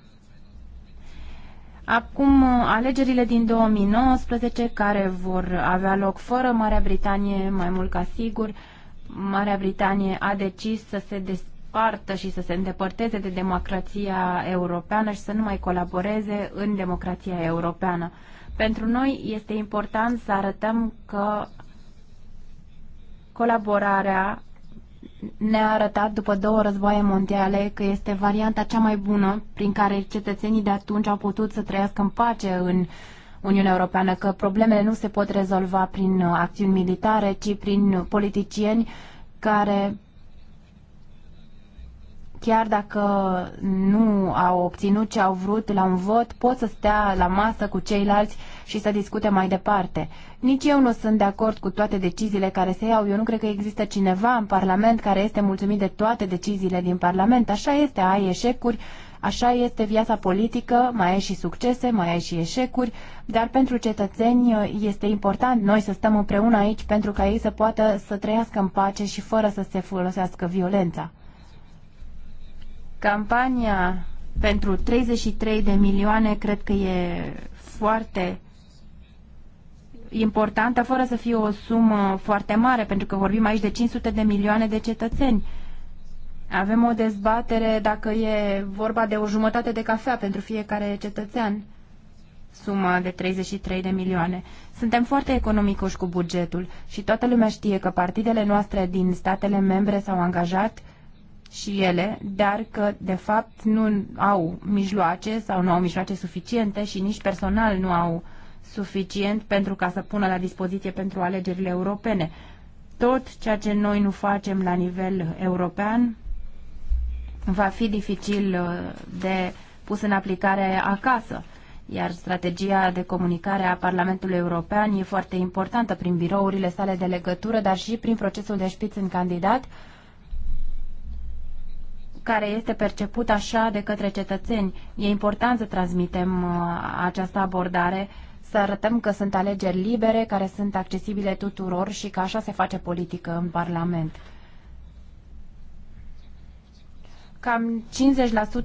Acum, alegerile din 2019, care vor avea loc fără Marea Britanie, mai mult ca sigur, Marea Britanie a decis să se despartă și să se îndepărteze de democrația europeană și să nu mai colaboreze în democrația europeană. Pentru noi este important să arătăm că colaborarea ne-a arătat după două războaie mondiale că este varianta cea mai bună prin care cetățenii de atunci au putut să trăiască în pace în Uniunea Europeană, că problemele nu se pot rezolva prin uh, acțiuni militare, ci prin politicieni care chiar dacă nu au obținut ce au vrut la un vot, pot să stea la masă cu ceilalți și să discute mai departe. Nici eu nu sunt de acord cu toate deciziile care se iau. Eu nu cred că există cineva în Parlament care este mulțumit de toate deciziile din Parlament. Așa este, ai eșecuri, așa este viața politică, mai ai și succese, mai ai și eșecuri, dar pentru cetățeni uh, este important noi să stăm împreună aici pentru ca ei să poată să trăiască în pace și fără să se folosească violența. Campania pentru 33 de milioane cred că e foarte importantă, fără să fie o sumă foarte mare, pentru că vorbim aici de 500 de milioane de cetățeni. Avem o dezbatere dacă e vorba de o jumătate de cafea pentru fiecare cetățean, suma de 33 de milioane. Suntem foarte economicoși cu bugetul și toată lumea știe că partidele noastre din statele membre s-au angajat și ele, dar că de fapt nu au mijloace sau nu au mijloace suficiente și nici personal nu au uh, suficient pentru ca să pună la dispoziție pentru alegerile europene. Tot ceea ce noi nu facem la nivel european va fi dificil uh, de pus în aplicare acasă iar strategia de comunicare a Parlamentului European e foarte importantă prin birourile sale de legătură, dar și prin procesul de șpiț în candidat, care este perceput așa de către cetățeni. E important să transmitem uh, această abordare să arătăm că sunt alegeri libere, care sunt accesibile tuturor și că așa se face politică în Parlament. Cam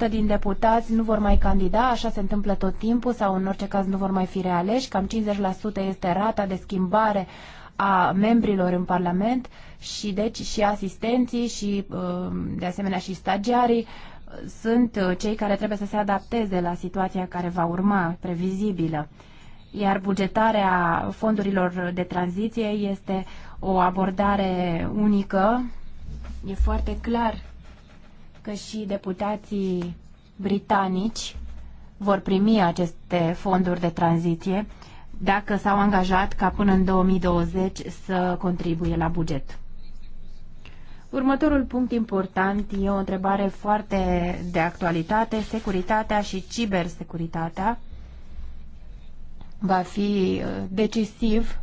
50% din deputați nu vor mai candida, așa se întâmplă tot timpul sau în orice caz nu vor mai fi realeși, cam 50% este rata de schimbare a membrilor în Parlament și deci și asistenții și uh, de asemenea și stagiarii sunt uh, cei care trebuie să se adapteze la situația care va urma, previzibilă iar bugetarea fondurilor de tranziție este o abordare unică. E foarte clar că și deputații britanici vor primi aceste fonduri de tranziție dacă s-au angajat ca până în 2020 să contribuie la buget. Următorul punct important e o întrebare foarte de actualitate, securitatea și cibersecuritatea va fi uh, decisiv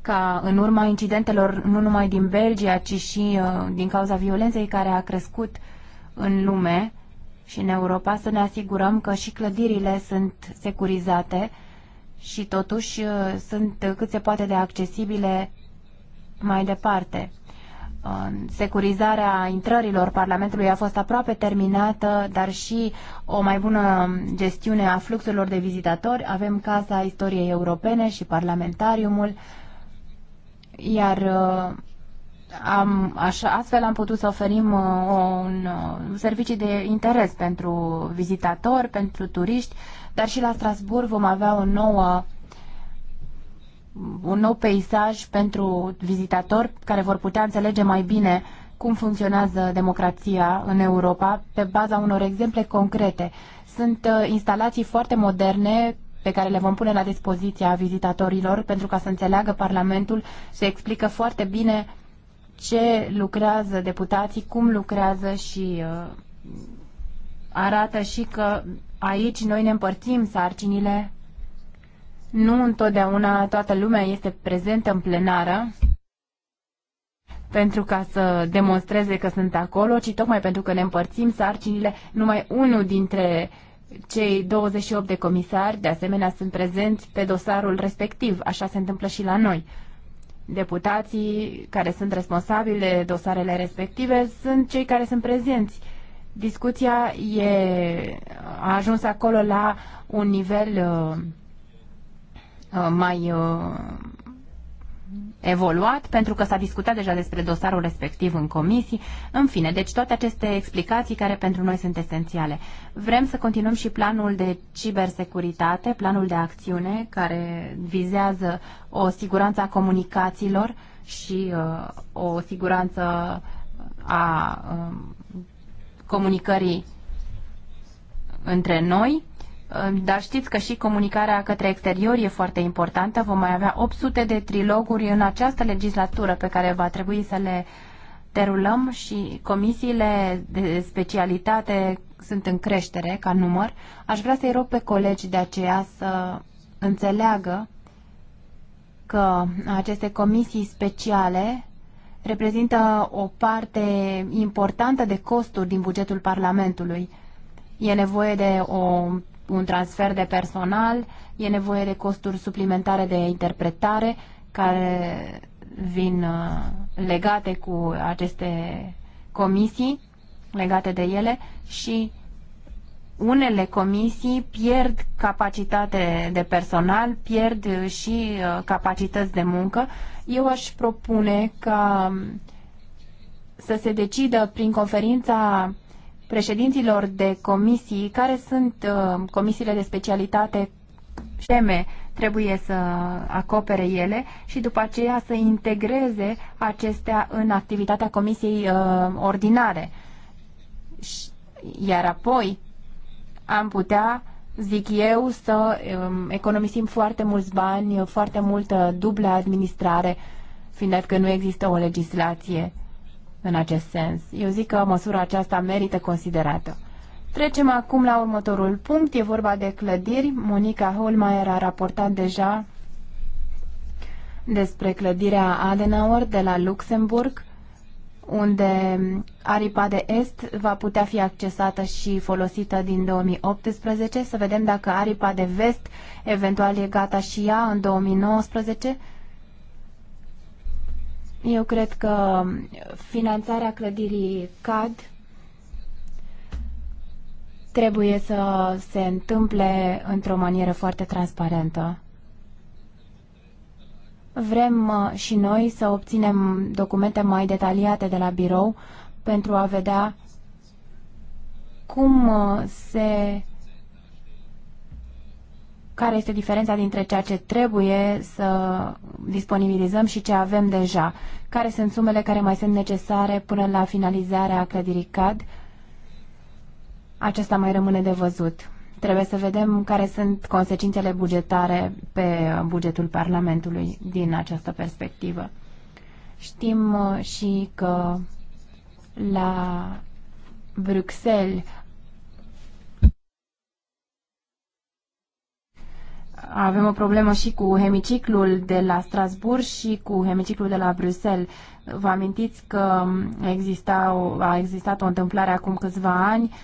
ca în urma incidentelor nu numai din Belgia, ci și uh, din cauza violenței care a crescut în lume și în Europa, să ne asigurăm că și clădirile sunt securizate și totuși uh, sunt cât se poate de accesibile mai departe securizarea intrărilor Parlamentului a fost aproape terminată, dar și o mai bună gestiune a fluxurilor de vizitatori. Avem Casa Istoriei Europene și Parlamentariumul, iar uh, am, așa, astfel am putut să oferim uh, un, uh, un de interes pentru vizitatori, pentru turiști, dar și la Strasburg vom avea o nouă un nou peisaj pentru vizitatori care vor putea înțelege mai bine cum funcționează democrația în Europa pe baza unor exemple concrete. Sunt uh, instalații foarte moderne pe care le vom pune la dispoziția vizitatorilor pentru ca să înțeleagă Parlamentul, se explică foarte bine ce lucrează deputații, cum lucrează și uh, arată și că aici noi ne împărțim sarcinile nu întotdeauna toată lumea este prezentă în plenară pentru ca să demonstreze că sunt acolo, ci tocmai pentru că ne împărțim sarcinile. Numai unul dintre cei 28 de comisari, de asemenea, sunt prezenți pe dosarul respectiv. Așa se întâmplă și la noi. Deputații care sunt responsabili de dosarele respective sunt cei care sunt prezenți. Discuția e, a ajuns acolo la un nivel uh, Uh, mai uh, evoluat, pentru că s-a discutat deja despre dosarul respectiv în comisii. În fine, deci toate aceste explicații care pentru noi sunt esențiale. Vrem să continuăm și planul de cibersecuritate, planul de acțiune care vizează o siguranță a comunicațiilor și uh, o siguranță a uh, comunicării între noi dar știți că și comunicarea către exterior e foarte importantă. Vom mai avea 800 de triloguri în această legislatură pe care va trebui să le derulăm și comisiile de specialitate sunt în creștere ca număr. Aș vrea să-i rog pe colegi de aceea să înțeleagă că aceste comisii speciale reprezintă o parte importantă de costuri din bugetul Parlamentului. E nevoie de o un transfer de personal, e nevoie de costuri suplimentare de interpretare care vin uh, legate cu aceste comisii, legate de ele și unele comisii pierd capacitate de personal, pierd și uh, capacități de muncă. Eu aș propune ca um, să se decidă prin conferința președinților de comisii, care sunt uh, comisiile de specialitate, teme trebuie să acopere ele și după aceea să integreze acestea în activitatea comisiei uh, ordinare. Iar apoi am putea, zic eu, să um, economisim foarte mulți bani, foarte multă dublă administrare, fiindcă nu există o legislație în acest sens. Eu zic că măsura aceasta merită considerată. Trecem acum la următorul punct. E vorba de clădiri. Monica Holmeier a raportat deja despre clădirea Adenauer de la Luxemburg, unde aripa de est va putea fi accesată și folosită din 2018. Să vedem dacă aripa de vest eventual e gata și ea în 2019 eu cred că finanțarea clădirii CAD trebuie să se întâmple într-o manieră foarte transparentă. Vrem uh, și noi să obținem documente mai detaliate de la birou pentru a vedea cum uh, se care este diferența dintre ceea ce trebuie să disponibilizăm și ce avem deja, care sunt sumele care mai sunt necesare până la finalizarea clădirii CAD. Acesta mai rămâne de văzut. Trebuie să vedem care sunt consecințele bugetare pe bugetul Parlamentului din această perspectivă. Știm uh, și că la Bruxelles avem o problemă și cu hemiciclul de la Strasburg și cu hemiciclul de la Bruxelles. Vă amintiți că exista, o a existat o întâmplare acum câțiva ani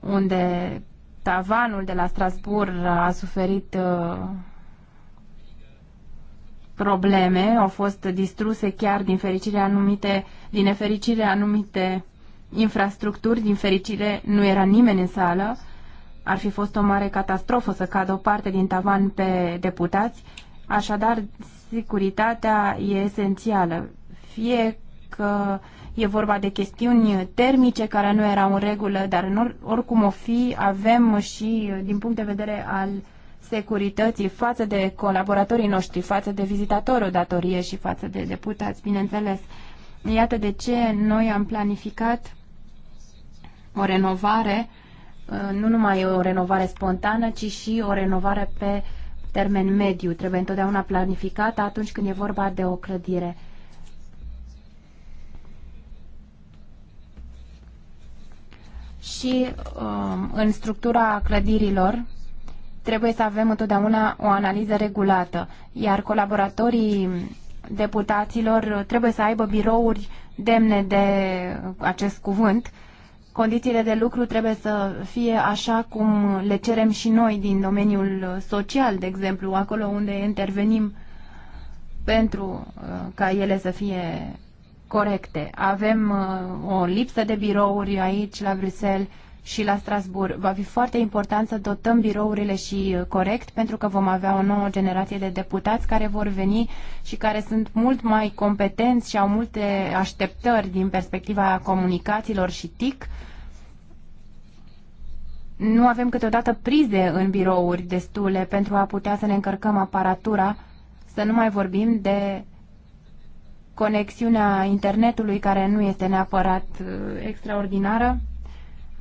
unde tavanul de la Strasburg a suferit uh, probleme, au fost distruse chiar din fericire anumite, din nefericire anumite infrastructuri, din fericire nu era nimeni în sală ar fi fost o mare catastrofă să cadă o parte din tavan pe deputați, așadar securitatea e esențială. Fie că e vorba de chestiuni termice care nu erau în regulă, dar în oricum o fi, avem și din punct de vedere al securității față de colaboratorii noștri, față de vizitatori o datorie și față de deputați, bineînțeles. Iată de ce noi am planificat o renovare Uh, nu numai o renovare spontană, ci și o renovare pe termen mediu. Trebuie întotdeauna planificată atunci când e vorba de o clădire. Și um, în structura clădirilor trebuie să avem întotdeauna o analiză regulată, iar colaboratorii deputaților trebuie să aibă birouri demne de acest cuvânt, Condițiile de lucru trebuie să fie așa cum le cerem și noi din domeniul social, de exemplu, acolo unde intervenim pentru uh, ca ele să fie corecte. Avem uh, o lipsă de birouri aici la Bruxelles, și la Strasbourg. Va fi foarte important să dotăm birourile și uh, corect, pentru că vom avea o nouă generație de deputați care vor veni și care sunt mult mai competenți și au multe așteptări din perspectiva comunicațiilor și TIC. Nu avem câteodată prize în birouri destule pentru a putea să ne încărcăm aparatura, să nu mai vorbim de conexiunea internetului care nu este neapărat uh, extraordinară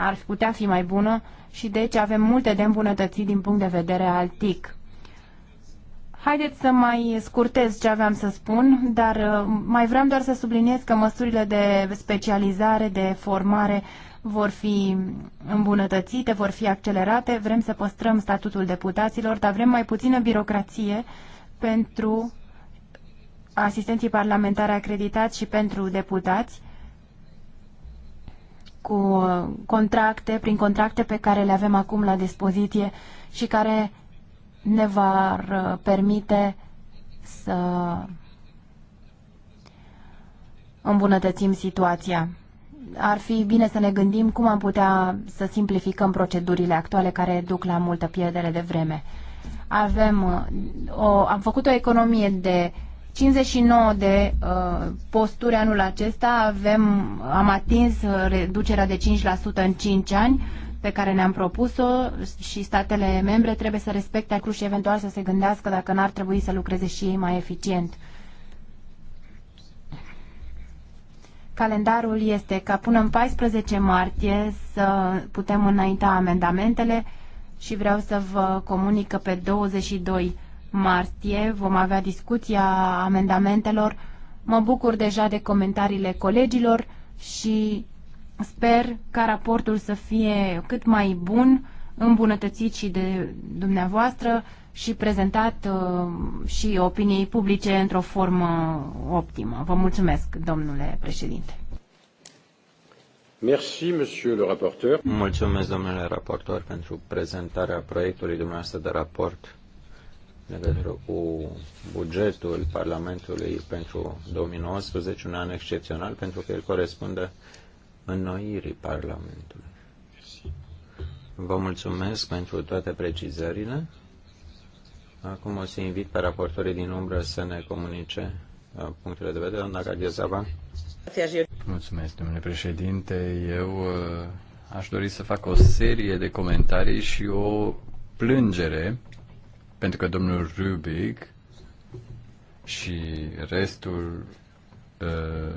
ar putea fi mai bună și deci avem multe de îmbunătățit din punct de vedere al TIC. Haideți să mai scurtez ce aveam să spun, dar uh, mai vreau doar să subliniez că măsurile de specializare, de formare vor fi îmbunătățite, vor fi accelerate. Vrem să păstrăm statutul deputaților, dar vrem mai puțină birocrație pentru asistenții parlamentari acreditați și pentru deputați cu uh, contracte, prin contracte pe care le avem acum la dispoziție și care ne va uh, permite să îmbunătățim situația. Ar fi bine să ne gândim cum am putea să simplificăm procedurile actuale care duc la multă pierdere de vreme. Avem uh, o, am făcut o economie de 59 de uh, posturi anul acesta, avem, am atins uh, reducerea de 5% în 5 ani pe care ne-am propus-o și statele membre trebuie să respecte acru și eventual să se gândească dacă n-ar trebui să lucreze și ei mai eficient. Calendarul este ca până în 14 martie să putem înainta amendamentele și vreau să vă comunic că pe 22 martie vom avea discuția amendamentelor. Mă bucur deja de comentariile colegilor și sper ca raportul să fie cât mai bun, îmbunătățit și de dumneavoastră și prezentat uh, și opiniei publice într-o formă optimă. Vă mulțumesc, domnule președinte. Merci, monsieur le rapporteur. Mulțumesc, domnule raportor, pentru prezentarea proiectului dumneavoastră de raport legătură cu bugetul Parlamentului pentru 2019, un an excepțional, pentru că el corespunde înnoirii Parlamentului. Vă mulțumesc pentru toate precizările. Acum o să invit pe raportorii din umbră să ne comunice uh, punctele de vedere. Doamna Gaghezava. Mulțumesc, domnule președinte. Eu uh, aș dori să fac o serie de comentarii și o plângere pentru că domnul Rubic și restul uh,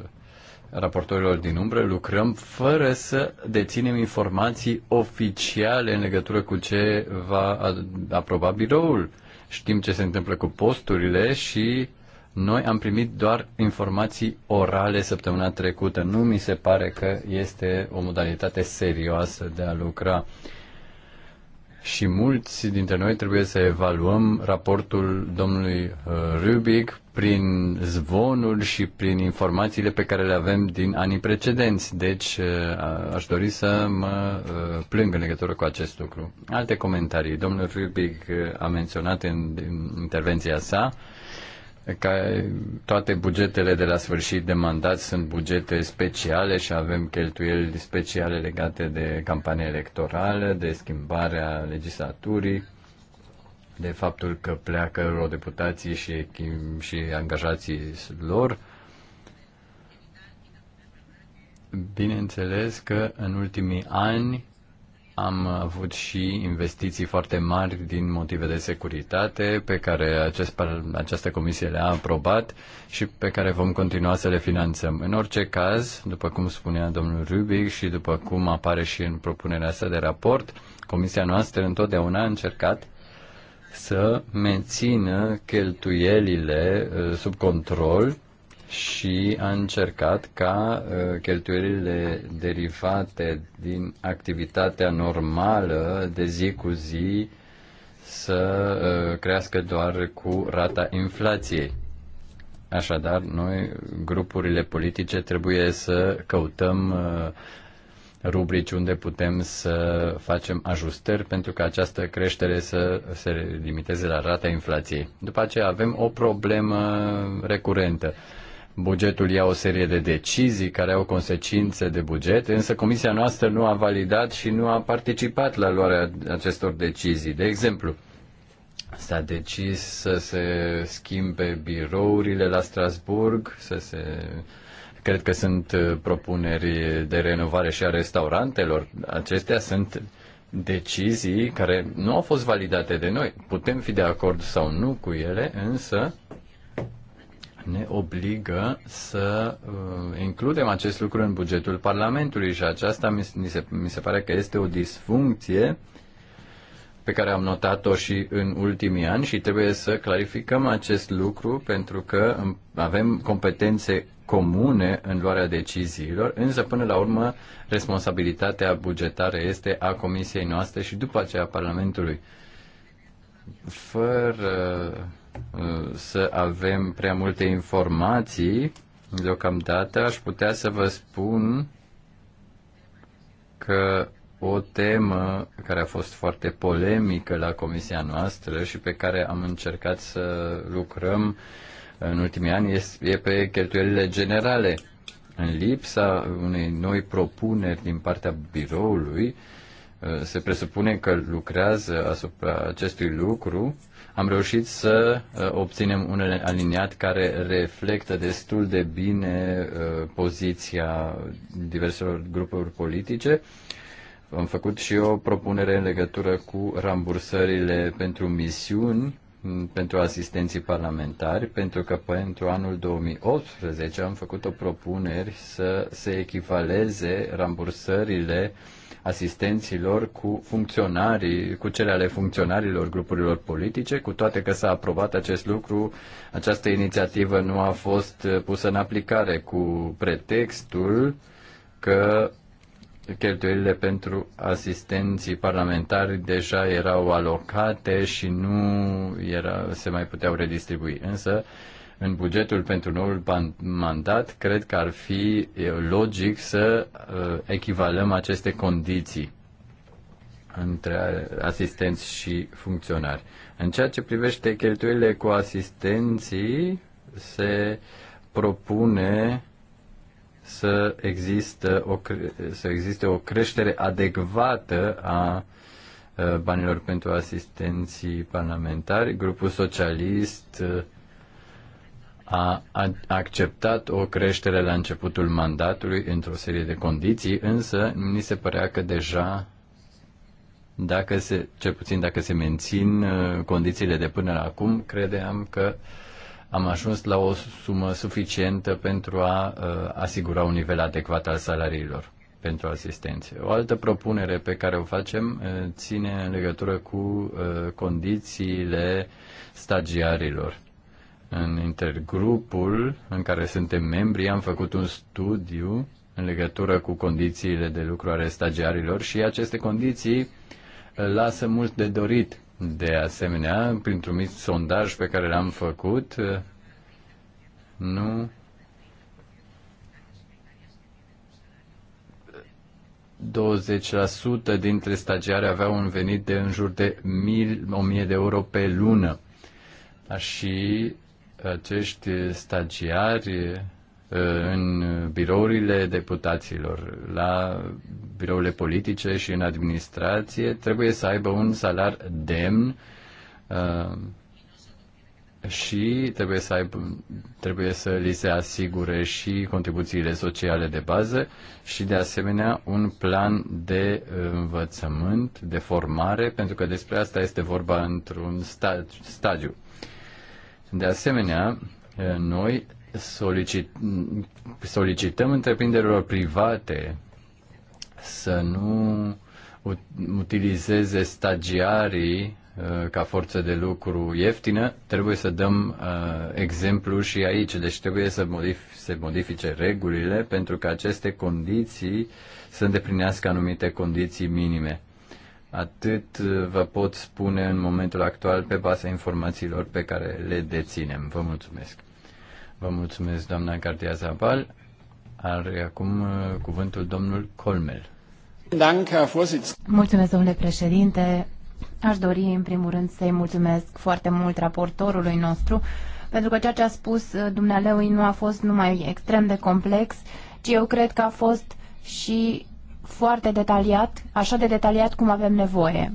raportorilor din umbră lucrăm fără să deținem informații oficiale în legătură cu ce va aproba biroul. Știm ce se întâmplă cu posturile și noi am primit doar informații orale săptămâna trecută. Nu mi se pare că este o modalitate serioasă de a lucra. Uh, și mulți dintre noi trebuie să evaluăm raportul domnului uh, Rubic prin zvonul și prin informațiile pe care le avem din anii precedenți. Deci uh, aș dori să mă uh, plâng în legătură cu acest lucru. Alte comentarii. Domnul Rubic a menționat în intervenția sa ca toate bugetele de la sfârșit de mandat sunt bugete speciale și avem cheltuieli speciale legate de campanie electorală, de schimbarea legislaturii, de faptul că pleacă eurodeputații și, și angajații lor. Bineînțeles că în ultimii ani am avut și investiții foarte mari din motive de securitate pe care acest, această comisie le-a aprobat și pe care vom continua să le finanțăm. În orice caz, după cum spunea domnul Rubic și după cum apare și în propunerea sa de raport, comisia noastră întotdeauna a încercat să mențină cheltuielile uh, sub control și a încercat ca uh, cheltuielile derivate din activitatea normală de zi cu zi să uh, crească doar cu rata inflației. Așadar, noi, grupurile politice, trebuie să căutăm uh, rubrici unde putem să facem ajustări pentru că această creștere să se limiteze la rata inflației. După aceea avem o problemă recurentă Bugetul ia o serie de decizii care au consecințe de buget, însă comisia noastră nu a validat și nu a participat la luarea acestor decizii. De exemplu, s-a decis să se schimbe birourile la Strasburg, să se cred că sunt propuneri de renovare și a restaurantelor. Acestea sunt decizii care nu au fost validate de noi. Putem fi de acord sau nu cu ele, însă ne obligă să uh, includem acest lucru în bugetul Parlamentului și aceasta mi, mi, se, mi se pare că este o disfuncție pe care am notat-o și în ultimii ani și trebuie să clarificăm acest lucru pentru că avem competențe comune în luarea deciziilor, însă până la urmă responsabilitatea bugetară este a comisiei noastre și după aceea a Parlamentului. Fără Uh, să avem prea multe informații. Deocamdată aș putea să vă spun că o temă care a fost foarte polemică la comisia noastră și pe care am încercat să lucrăm în ultimii ani e pe cheltuielile generale. În lipsa unei noi propuneri din partea biroului, uh, se presupune că lucrează asupra acestui lucru am reușit să uh, obținem un aliniat care reflectă destul de bine uh, poziția diverselor grupuri politice. Am făcut și o propunere în legătură cu rambursările pentru misiuni mm, pentru asistenții parlamentari, pentru că pentru anul 2018 am făcut o propunere să se echivaleze rambursările uh, asistenților cu funcționarii, cu cele ale funcționarilor grupurilor politice, cu toate că s-a aprobat acest lucru, această inițiativă nu a fost pusă în aplicare cu pretextul că cheltuielile pentru asistenții parlamentari deja erau alocate și nu era, se mai puteau redistribui. Însă, în bugetul pentru noul mandat, cred că ar fi logic să echivalăm aceste condiții între asistenți și funcționari. În ceea ce privește cheltuielile cu asistenții, se propune să, există o, să existe o creștere adecvată a banilor pentru asistenții parlamentari. Grupul socialist a acceptat o creștere la începutul mandatului într-o serie de condiții, însă mi se părea că deja dacă se, cel puțin dacă se mențin uh, condițiile de până la acum, credeam că am ajuns la o sumă suficientă pentru a uh, asigura un nivel adecvat al salariilor pentru asistenție. O altă propunere pe care o facem uh, ține în legătură cu condițiile stagiarilor în intergrupul în care suntem membri am făcut un studiu în legătură cu condițiile de lucru ale stagiarilor și aceste condiții uh, lasă mult de dorit. De asemenea, printr-un mic sondaj pe care l-am făcut, uh, nu ...20% dintre stagiari aveau un venit de în jur de 1000, 1000 de euro pe lună. Și acești stagiari uh, în birourile deputaților, la birourile politice și în administrație, trebuie să aibă un salar demn uh, și trebuie să, aibă, trebuie să li se asigure și contribuțiile sociale de bază și de asemenea un plan de învățământ, de formare, pentru că despre asta este vorba într-un stagiu. De asemenea, eh, noi solicit, solicităm întreprinderilor private să nu utilizeze stagiarii eh, ca forță de lucru ieftină, trebuie să dăm uh, exemplu și aici. Deci trebuie să modif- se modifice regulile pentru că aceste condiții să îndeplinească anumite condiții minime. Atât uh, vă pot spune în momentul actual pe baza informațiilor pe care le deținem. Vă mulțumesc. Vă mulțumesc, doamna Cartia Zabal. Are acum uh, cuvântul domnul Colmel. Mulțumesc, domnule președinte. Aș dori, în primul rând, să-i mulțumesc foarte mult raportorului nostru, pentru că ceea ce a spus uh, dumnealeu nu a fost numai extrem de complex, ci eu cred că a fost și foarte detaliat, așa de detaliat cum avem nevoie.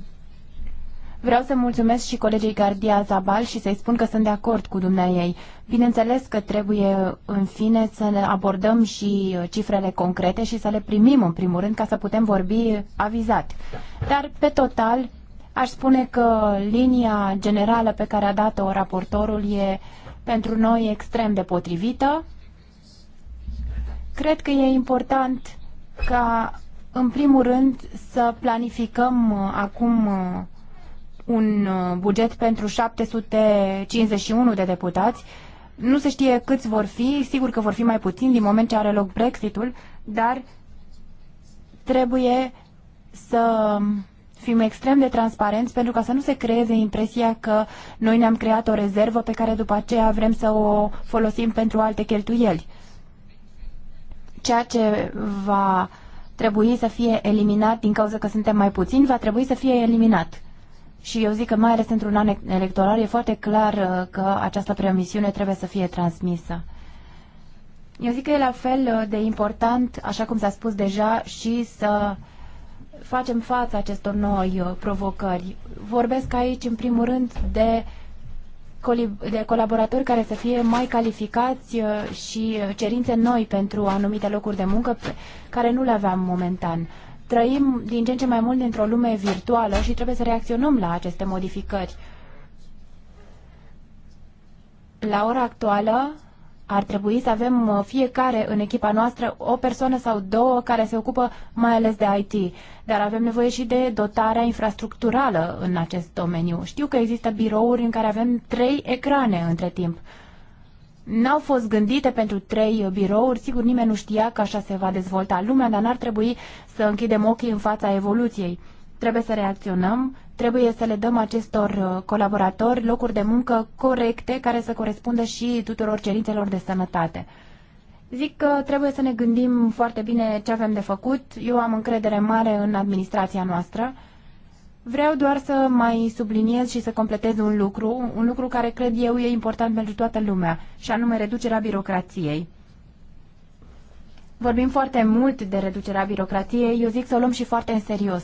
Vreau să mulțumesc și colegii Gardia Zabal și să-i spun că sunt de acord cu ei. Bineînțeles că trebuie, în fine, să ne abordăm și uh, cifrele concrete și să le primim, în primul rând, ca să putem vorbi avizat. Dar, pe total, aș spune că linia generală pe care a dat-o raportorul e pentru noi extrem de potrivită. Cred că e important ca în primul rând, să planificăm uh, acum uh, un uh, buget pentru 751 de deputați. Nu se știe câți vor fi, sigur că vor fi mai puțini din moment ce are loc Brexitul, dar trebuie să fim extrem de transparenți pentru ca să nu se creeze impresia că noi ne-am creat o rezervă pe care după aceea vrem să o folosim pentru alte cheltuieli. Ceea ce va trebui să fie eliminat din cauza că suntem mai puțini, va trebui să fie eliminat. Și eu zic că mai ales într-un an electoral e foarte clar uh, că această promisiune trebuie să fie transmisă. Eu zic că e la fel uh, de important, așa cum s-a spus deja, și să facem față acestor noi uh, provocări. Vorbesc aici, în primul rând, de de colaboratori care să fie mai calificați uh, și uh, cerințe noi pentru anumite locuri de muncă care nu le aveam momentan. Trăim din ce în ce mai mult într-o lume virtuală și trebuie să reacționăm la aceste modificări. La ora actuală, ar trebui să avem uh, fiecare în echipa noastră o persoană sau două care se ocupă mai ales de IT, dar avem nevoie și de dotarea infrastructurală în acest domeniu. Știu că există birouri în care avem trei ecrane între timp. N-au fost gândite pentru trei birouri, sigur nimeni nu știa că așa se va dezvolta lumea, dar n-ar trebui să închidem ochii în fața evoluției. Trebuie să reacționăm Trebuie să le dăm acestor uh, colaboratori locuri de muncă corecte care să corespundă și tuturor cerințelor de sănătate. Zic că trebuie să ne gândim foarte bine ce avem de făcut. Eu am încredere mare în administrația noastră. Vreau doar să mai subliniez și să completez un lucru, un lucru care cred eu e important pentru toată lumea, și anume reducerea birocrației. Vorbim foarte mult de reducerea birocrației, eu zic să o luăm și foarte în serios.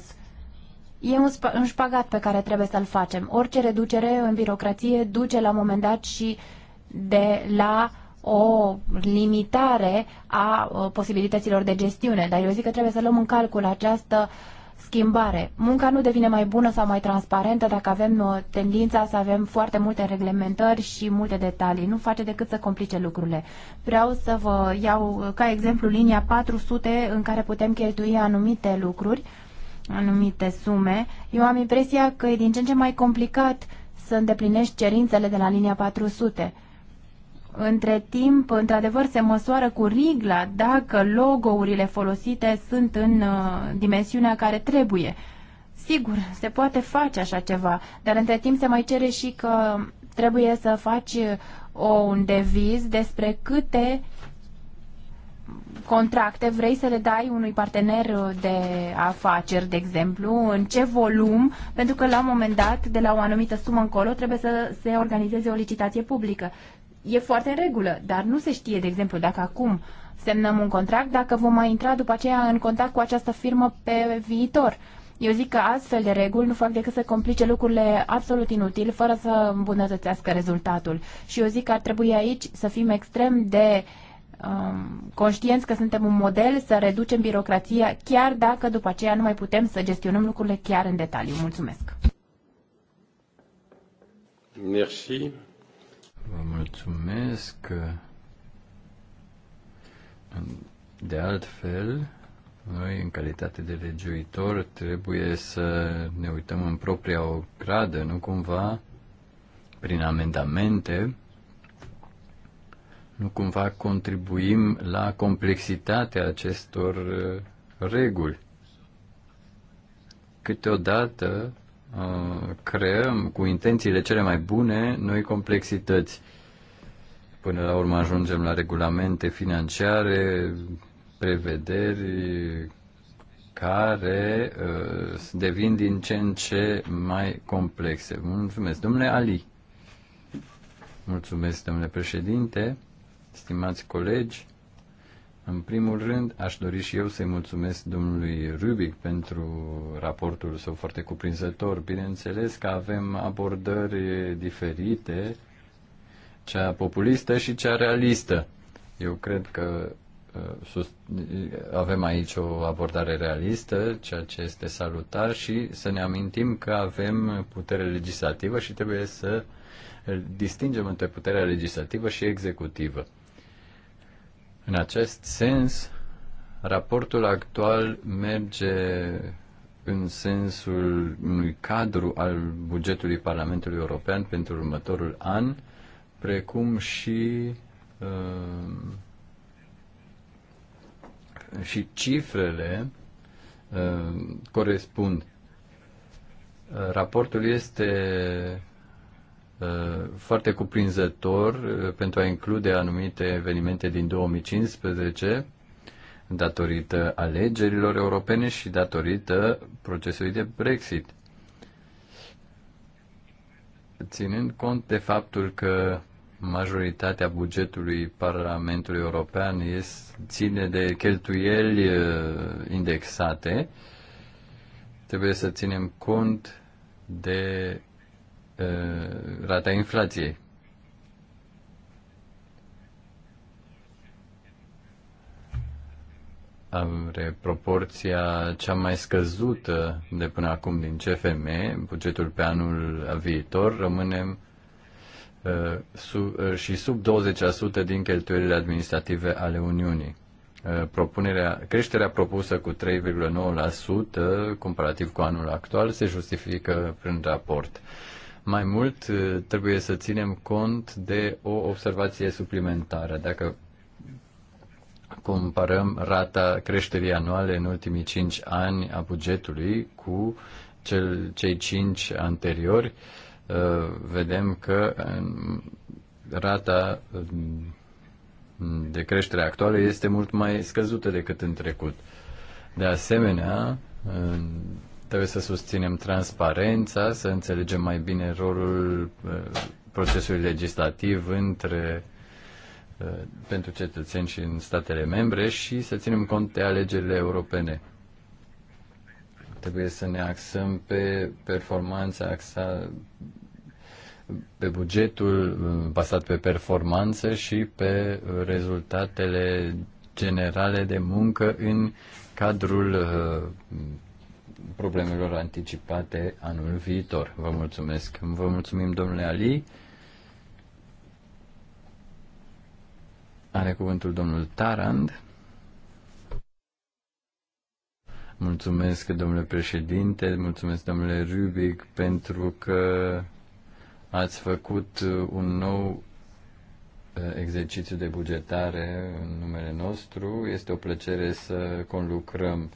E un, sp- un șpagat pe care trebuie să-l facem. Orice reducere în birocrație duce la un moment dat și de la o limitare a uh, posibilităților de gestiune, dar eu zic că trebuie să luăm în calcul această schimbare. Munca nu devine mai bună sau mai transparentă dacă avem uh, tendința să avem foarte multe reglementări și multe detalii. Nu face decât să complice lucrurile. Vreau să vă iau uh, ca exemplu linia 400 în care putem cheltui anumite lucruri anumite sume, eu am impresia că e din ce în ce mai complicat să îndeplinești cerințele de la linia 400. Între timp, într-adevăr, se măsoară cu rigla dacă logourile folosite sunt în uh, dimensiunea care trebuie. Sigur, se poate face așa ceva, dar între timp se mai cere și că trebuie să faci o, uh, un deviz despre câte contracte vrei să le dai unui partener uh, de afaceri, de exemplu, în ce volum, pentru că la un moment dat, de la o anumită sumă încolo, trebuie să se organizeze o licitație publică. E foarte în regulă, dar nu se știe, de exemplu, dacă acum semnăm un contract, dacă vom mai intra după aceea în contact cu această firmă pe viitor. Eu zic că astfel de reguli nu fac decât să complice lucrurile absolut inutil, fără să îmbunătățească rezultatul. Și eu zic că ar trebui aici să fim extrem de uh, Um, conștienți că suntem un model, să reducem birocrația, chiar dacă după aceea nu mai putem să gestionăm lucrurile chiar în detaliu. Mulțumesc! Merci. Vă mulțumesc. De altfel, noi, în calitate de legiuitor, trebuie să ne uităm în propria o gradă, nu cumva, prin amendamente, nu cumva contribuim la complexitatea acestor uh, reguli. Câteodată uh, creăm cu intențiile cele mai bune noi complexități. Până la urmă ajungem la regulamente financiare, prevederi care uh, devin din ce în ce mai complexe. Mulțumesc, domnule Ali. Mulțumesc, domnule președinte stimați colegi, în primul rând, aș dori și eu să-i mulțumesc domnului Rubic pentru raportul său foarte cuprinzător. Bineînțeles că avem abordări diferite, cea populistă și cea realistă. Eu cred că uh, avem aici o abordare realistă, ceea ce este salutar și să ne amintim că avem putere legislativă și trebuie să distingem între puterea legislativă și executivă în acest sens, raportul actual merge în sensul unui cadru al bugetului Parlamentului European pentru următorul an, precum și uh, și cifrele uh, corespund. Raportul este Uh, foarte cuprinzător uh, pentru a include anumite evenimente din 2015 datorită alegerilor europene și datorită procesului de Brexit. Ținând cont de faptul că majoritatea bugetului Parlamentului European este, ține de cheltuieli uh, indexate, trebuie să ținem cont de Uh, rata inflației. are proporția cea mai scăzută de până acum din CFM, bugetul pe anul viitor, rămânem uh, sub, uh, și sub 20% din cheltuielile administrative ale Uniunii. Uh, propunerea, creșterea propusă cu 3,9% comparativ cu anul actual se justifică prin raport. Uh, mai mult, ă, trebuie să ținem cont de o observație suplimentară. Dacă comparăm rata creșterii anuale în ultimii 5 ani a bugetului cu cel, cei 5 anteriori, ă, vedem că rata de creștere actuală este mult mai scăzută decât în trecut. De asemenea, Trebuie să susținem transparența, să înțelegem mai bine rolul uh, procesului legislativ între uh, pentru cetățeni și în statele membre și să ținem cont de alegerile europene. Trebuie să ne axăm pe performanța axa, pe bugetul uh, bazat pe performanță și pe rezultatele generale de muncă în cadrul problemelor anticipate anul viitor. Vă mulțumesc. Vă mulțumim, domnule Ali. Are cuvântul domnul Tarand. Mulțumesc, domnule președinte, mulțumesc, domnule Rubic, pentru că ați făcut un nou uh, exercițiu de bugetare în numele nostru. Este o plăcere să conlucrăm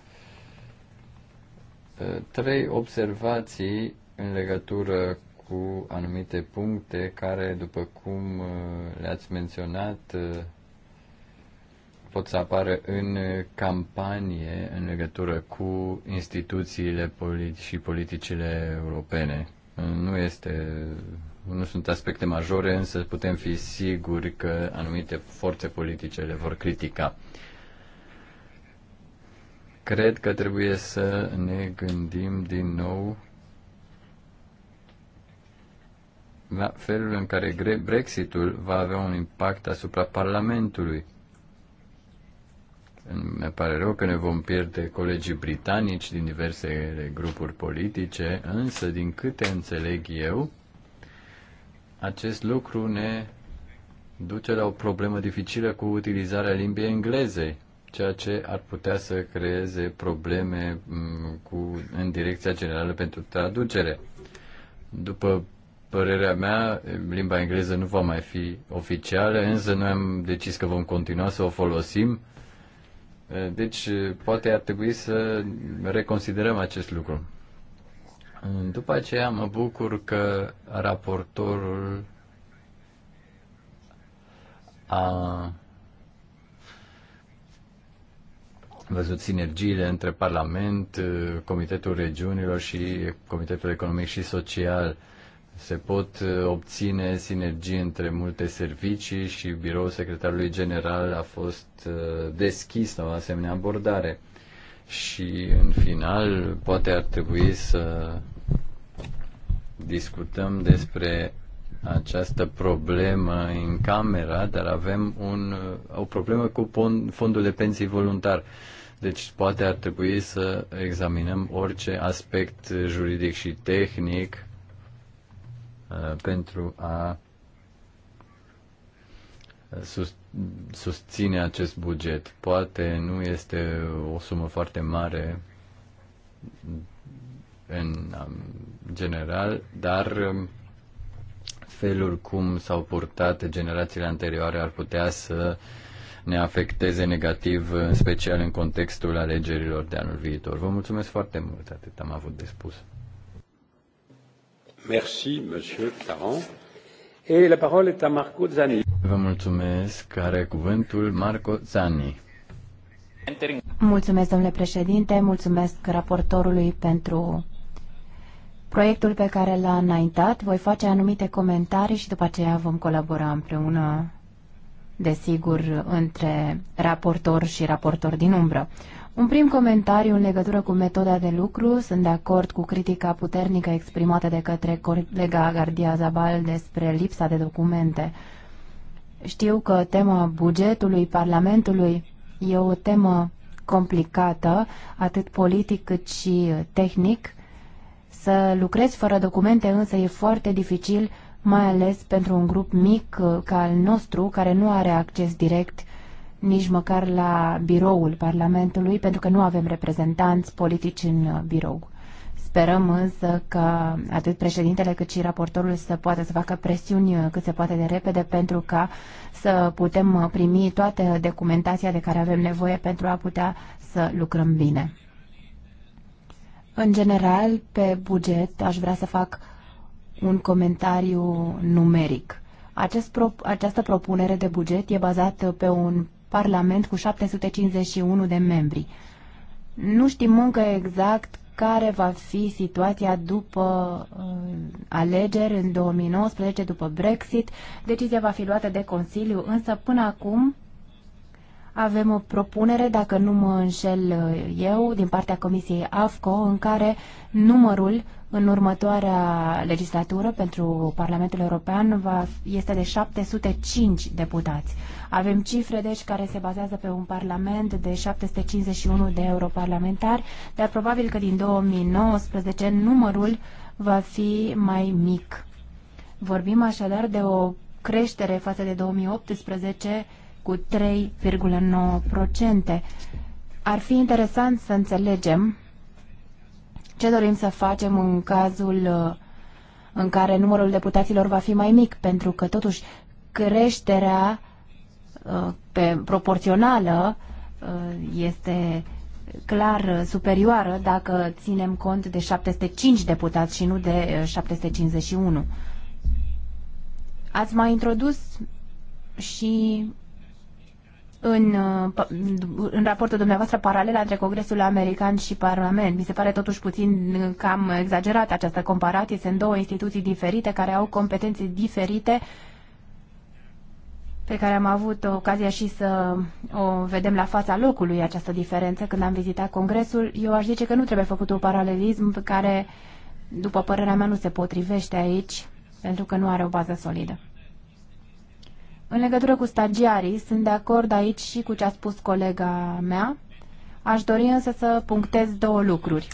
trei observații în legătură cu anumite puncte care, după cum uh, le-ați menționat, uh, pot să apară în campanie în legătură cu instituțiile politi- și politicile europene. Nu este nu sunt aspecte majore, însă putem fi siguri că anumite forțe politice le vor critica. Cred că trebuie să ne gândim din nou la felul în care Brexitul va avea un impact asupra Parlamentului. Mi pare rău că ne vom pierde colegii britanici din diverse grupuri politice, însă, din câte înțeleg eu, acest lucru ne duce la o problemă dificilă cu utilizarea limbii englezei ceea ce ar putea să creeze probleme cu, în direcția generală pentru traducere. După părerea mea, limba engleză nu va mai fi oficială, însă noi am decis că vom continua să o folosim. Deci, poate ar trebui să reconsiderăm acest lucru. După aceea, mă bucur că raportorul a văzut sinergiile între Parlament, eh, Comitetul Regiunilor și Comitetul Economic și Social. Se pot eh, obține sinergii între multe servicii și biroul secretarului general a fost eh, deschis la o asemenea abordare. Și în final, poate ar trebui să discutăm despre această problemă în camera, dar avem un, o problemă cu fondul de pensii voluntar. Deci poate ar trebui să examinăm orice aspect juridic și tehnic uh, pentru a uh, sus, susține acest buget. Poate nu este o sumă foarte mare în um, general, dar um, felul cum s-au purtat generațiile anterioare ar putea să ne afecteze negativ, în special în contextul alegerilor de anul viitor. Vă mulțumesc foarte mult, atât am avut de spus. Merci, monsieur Taran. Et la parole est à Marco Zani. Vă mulțumesc. Are cuvântul Marco Zani. Mulțumesc, domnule președinte, mulțumesc raportorului pentru proiectul pe care l-a înaintat, voi face anumite comentarii și după aceea vom colabora împreună, desigur, între raportor și raportor din umbră. Un prim comentariu în legătură cu metoda de lucru. Sunt de acord cu critica puternică exprimată de către colega Gardia Zabal despre lipsa de documente. Știu că tema bugetului Parlamentului e o temă complicată, atât politic cât și tehnic, să lucrezi fără documente însă e foarte dificil, mai ales pentru un grup mic uh, ca al nostru, care nu are acces direct nici măcar la biroul Parlamentului, pentru că nu avem reprezentanți politici în uh, birou. Sperăm însă că atât președintele cât și raportorul să poată să facă presiuni uh, cât se poate de repede pentru ca să putem primi toată documentația de care avem nevoie pentru a putea să lucrăm bine. În general, pe buget aș vrea să fac un comentariu numeric. Acest pro, această propunere de buget e bazată pe un parlament cu 751 de membri. Nu știm încă exact care va fi situația după uh, alegeri în 2019, după Brexit. Decizia va fi luată de Consiliu, însă până acum avem o propunere, dacă nu mă înșel uh, eu, din partea Comisiei AFCO, în care numărul în următoarea legislatură pentru Parlamentul European va, este de 705 deputați. Avem cifre, deci, care se bazează pe un parlament de 751 de europarlamentari, dar probabil că din 2019 numărul va fi mai mic. Vorbim așadar de o creștere față de 2018 cu 3,9%. Ar fi interesant să înțelegem ce dorim să facem în cazul uh, în care numărul deputaților va fi mai mic, pentru că totuși creșterea uh, pe proporțională uh, este clar superioară dacă ținem cont de 705 deputați și nu de 751. Ați mai introdus și în, uh, în raportul dumneavoastră paralela între Congresul American și Parlament. Mi se pare totuși puțin uh, cam exagerată această comparație. Sunt două instituții diferite care au competențe diferite pe care am avut ocazia și să o vedem la fața locului această diferență când am vizitat Congresul. Eu aș zice că nu trebuie făcut un paralelism pe care, după părerea mea, nu se potrivește aici pentru că nu are o bază solidă. În legătură cu stagiarii, sunt de acord aici și cu ce a spus colega mea. Aș dori însă să punctez două lucruri.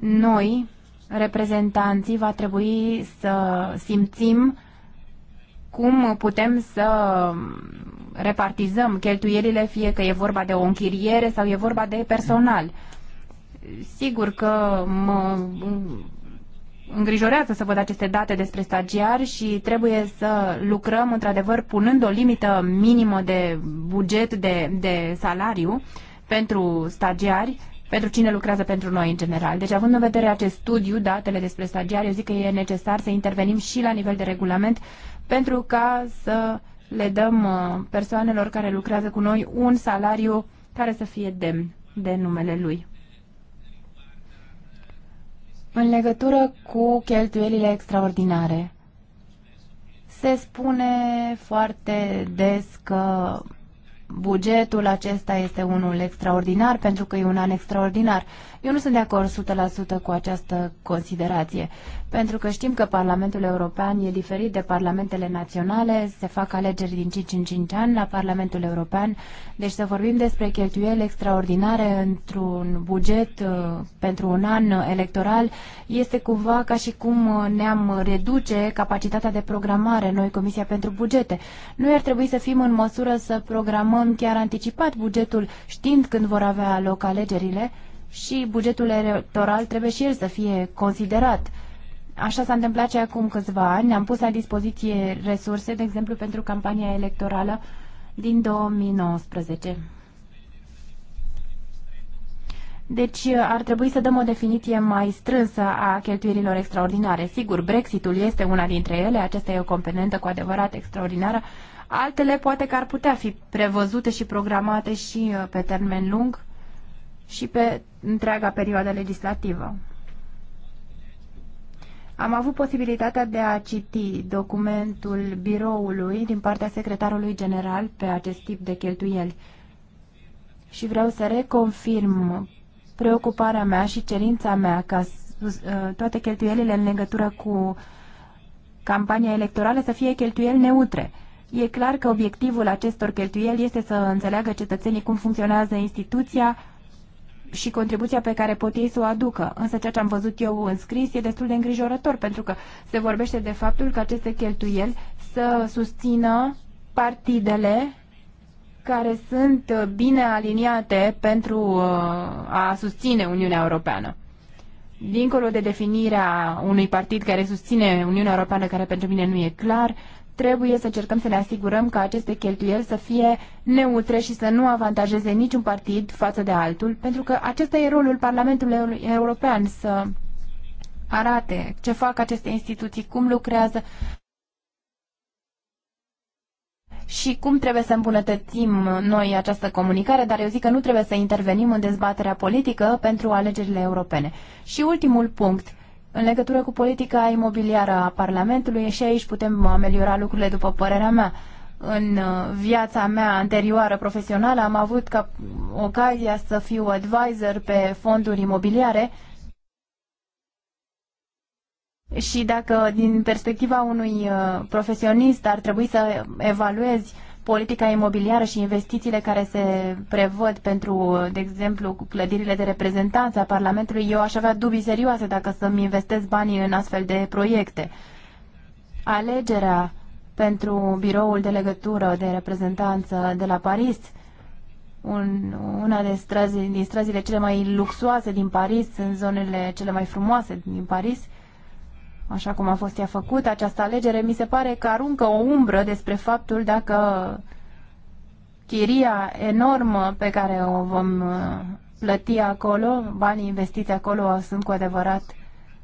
Noi, reprezentanții, va trebui să simțim cum putem să repartizăm cheltuielile, fie că e vorba de o închiriere sau e vorba de personal. Sigur că mă îngrijorează să văd aceste date despre stagiari și trebuie să lucrăm într-adevăr punând o limită minimă de buget de, de salariu pentru stagiari, pentru cine lucrează pentru noi în general. Deci având în vedere acest studiu, datele despre stagiari, eu zic că e necesar să intervenim și la nivel de regulament pentru ca să le dăm uh, persoanelor care lucrează cu noi un salariu care să fie demn de numele lui. În legătură cu cheltuielile extraordinare, se spune foarte des că bugetul acesta este unul extraordinar pentru că e un an extraordinar. Eu nu sunt de acord 100% cu această considerație, pentru că știm că Parlamentul European e diferit de parlamentele naționale, se fac alegeri din 5 în 5 ani la Parlamentul European, deci să vorbim despre cheltuieli extraordinare într-un buget uh, pentru un an electoral este cumva ca și cum ne-am reduce capacitatea de programare, noi Comisia pentru Bugete. Noi ar trebui să fim în măsură să programăm am chiar anticipat bugetul știind când vor avea loc alegerile și bugetul electoral trebuie și el să fie considerat. Așa s-a întâmplat și acum câțiva ani. Am pus la dispoziție resurse, de exemplu, pentru campania electorală din 2019. Deci ar trebui să dăm o definiție mai strânsă a cheltuielilor extraordinare. Sigur, Brexitul este una dintre ele, acesta e o componentă cu adevărat extraordinară, Altele poate că ar putea fi prevăzute și programate și uh, pe termen lung și pe întreaga perioadă legislativă. Am avut posibilitatea de a citi documentul biroului din partea secretarului general pe acest tip de cheltuieli și vreau să reconfirm preocuparea mea și cerința mea ca uh, toate cheltuielile în legătură cu campania electorală să fie cheltuieli neutre. E clar că obiectivul acestor cheltuieli este să înțeleagă cetățenii cum funcționează instituția și contribuția pe care pot ei să o aducă. Însă ceea ce am văzut eu în scris e destul de îngrijorător, pentru că se vorbește de faptul că aceste cheltuieli să susțină partidele care sunt bine aliniate pentru uh, a susține Uniunea Europeană. Dincolo de definirea unui partid care susține Uniunea Europeană, care pentru mine nu e clar, trebuie să cercăm să ne asigurăm că aceste cheltuieli să fie neutre și să nu avantajeze niciun partid față de altul, pentru că acesta e rolul Parlamentului European, să arate ce fac aceste instituții, cum lucrează și cum trebuie să îmbunătățim noi această comunicare, dar eu zic că nu trebuie să intervenim în dezbaterea politică pentru alegerile europene. Și ultimul punct, în legătură cu politica imobiliară a Parlamentului și aici putem ameliora lucrurile după părerea mea. În uh, viața mea anterioară profesională am avut ca ocazia să fiu advisor pe fonduri imobiliare și dacă din perspectiva unui uh, profesionist ar trebui să evaluezi politica imobiliară și investițiile care se prevăd pentru, de exemplu, clădirile de reprezentanță a Parlamentului, eu aș avea dubii serioase dacă să-mi investesc banii în astfel de proiecte. Alegerea pentru biroul de legătură de reprezentanță de la Paris, un, una de străzi, din străzile cele mai luxoase din Paris, în zonele cele mai frumoase din Paris, așa cum a fost ea făcută, această alegere, mi se pare că aruncă o umbră despre faptul dacă chiria enormă pe care o vom uh, plăti acolo, banii investiți acolo sunt cu adevărat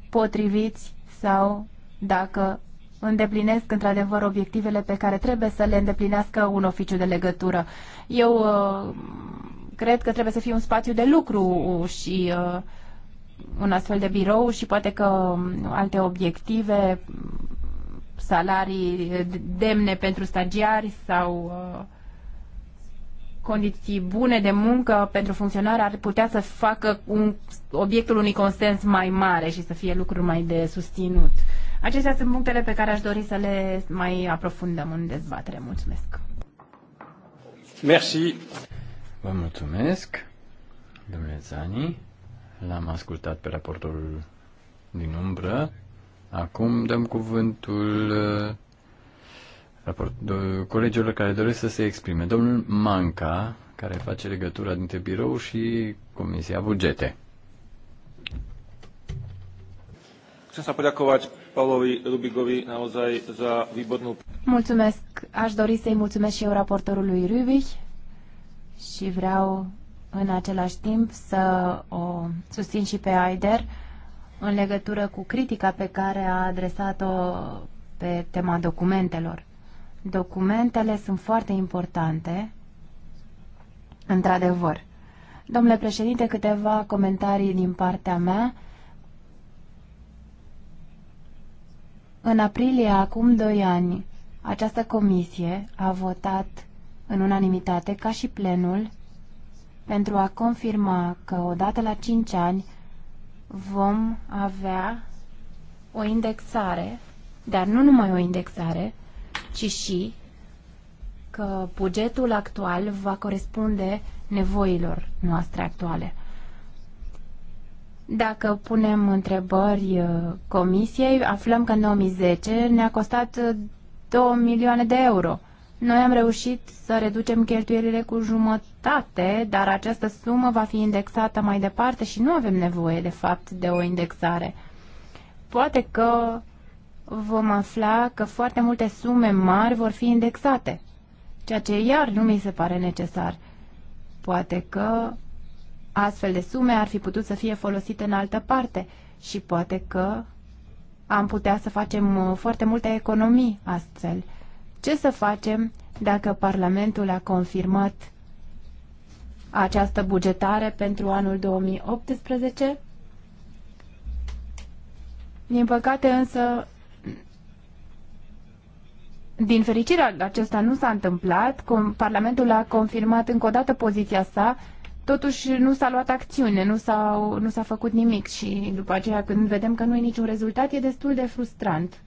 potriviți sau dacă îndeplinesc într-adevăr obiectivele pe care trebuie să le îndeplinească un oficiu de legătură. Eu uh, cred că trebuie să fie un spațiu de lucru și uh, un astfel de birou și poate că um, alte obiective, salarii demne pentru stagiari sau uh, condiții bune de muncă pentru funcționare ar putea să facă un, obiectul unui consens mai mare și să fie lucruri mai de susținut. Acestea sunt punctele pe care aș dori să le mai aprofundăm în dezbatere. Mulțumesc! Merci! Vă mulțumesc, domnule Zani. L-am ascultat pe raportorul din umbră. Acum dăm cuvântul uh, colegilor care doresc să se exprime. Domnul Manca, care face legătura dintre birou și Comisia Bugete. Mulțumesc. Aș dori să-i mulțumesc și eu raportorului Rubich și vreau în același timp să o susțin și pe Aider în legătură cu critica pe care a adresat-o pe tema documentelor. Documentele sunt foarte importante, într-adevăr. Domnule președinte, câteva comentarii din partea mea. În aprilie, acum doi ani, această comisie a votat în unanimitate, ca și plenul, pentru a confirma că odată la 5 ani vom avea o indexare, dar nu numai o indexare, ci și că bugetul actual va corespunde nevoilor noastre actuale. Dacă punem întrebări uh, comisiei, aflăm că în 2010 ne-a costat 2 uh, milioane de euro. Noi am reușit să reducem cheltuielile cu jumătate, dar această sumă va fi indexată mai departe și nu avem nevoie, de fapt, de o indexare. Poate că vom afla că foarte multe sume mari vor fi indexate, ceea ce iar nu mi se pare necesar. Poate că astfel de sume ar fi putut să fie folosite în altă parte și poate că am putea să facem uh, foarte multe economii astfel. Ce să facem dacă Parlamentul a confirmat această bugetare pentru anul 2018? Din păcate însă, din fericire acesta nu s-a întâmplat, Parlamentul a confirmat încă o dată poziția sa, totuși nu s-a luat acțiune, nu s-a, nu s-a făcut nimic și după aceea când vedem că nu e niciun rezultat e destul de frustrant.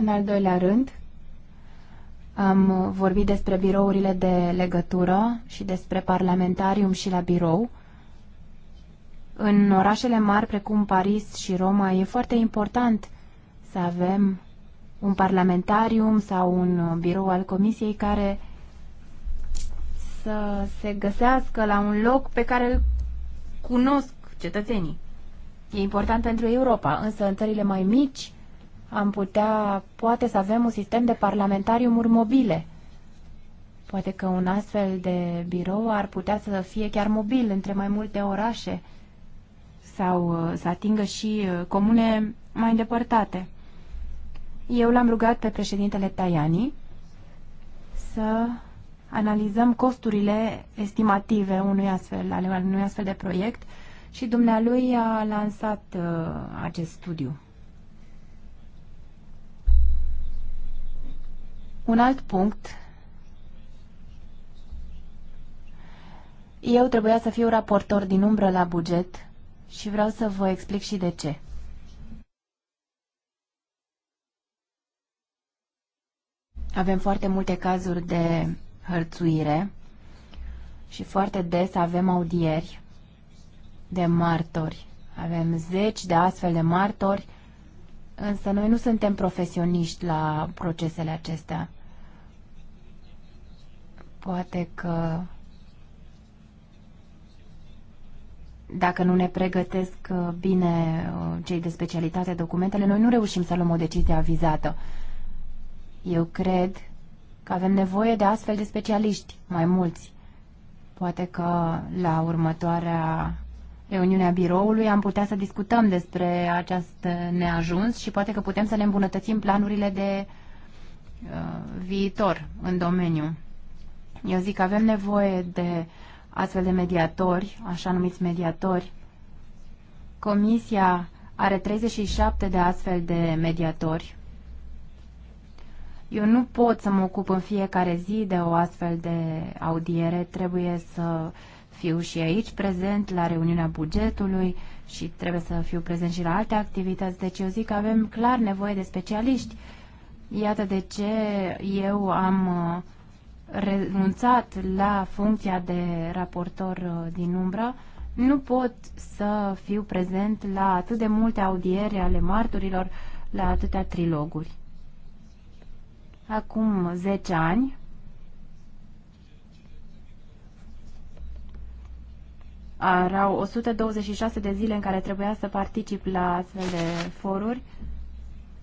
În al doilea rând, am vorbit despre birourile de legătură și despre parlamentarium și la birou. În orașele mari precum Paris și Roma e foarte important să avem un parlamentarium sau un birou al comisiei care să se găsească la un loc pe care îl cunosc cetățenii. E important pentru Europa, însă în țările mai mici am putea, poate să avem un sistem de parlamentariumuri mobile. Poate că un astfel de birou ar putea să fie chiar mobil între mai multe orașe sau uh, să atingă și uh, comune mai îndepărtate. Eu l-am rugat pe președintele Tajani să analizăm costurile estimative unui astfel, ale unui astfel de proiect și dumnealui a lansat uh, acest studiu. Un alt punct. Eu trebuia să fiu raportor din umbră la buget și vreau să vă explic și de ce. Avem foarte multe cazuri de hărțuire și foarte des avem audieri de martori. Avem zeci de astfel de martori, însă noi nu suntem profesioniști la procesele acestea. Poate că dacă nu ne pregătesc uh, bine uh, cei de specialitate documentele, noi nu reușim să luăm o decizie avizată. Eu cred că avem nevoie de astfel de specialiști, mai mulți. Poate că la următoarea a biroului am putea să discutăm despre acest neajuns și poate că putem să ne îmbunătățim planurile de uh, viitor în domeniu. Eu zic că avem nevoie de astfel de mediatori, așa numiți mediatori. Comisia are 37 de astfel de mediatori. Eu nu pot să mă ocup în fiecare zi de o astfel de audiere, trebuie să fiu și aici prezent la reuniunea bugetului și trebuie să fiu prezent și la alte activități, deci eu zic că avem clar nevoie de specialiști. Iată de ce eu am uh, renunțat la funcția de raportor uh, din umbră, nu pot să fiu prezent la atât de multe audiere ale marturilor, la atâtea triloguri. Acum 10 ani erau 126 de zile în care trebuia să particip la astfel de foruri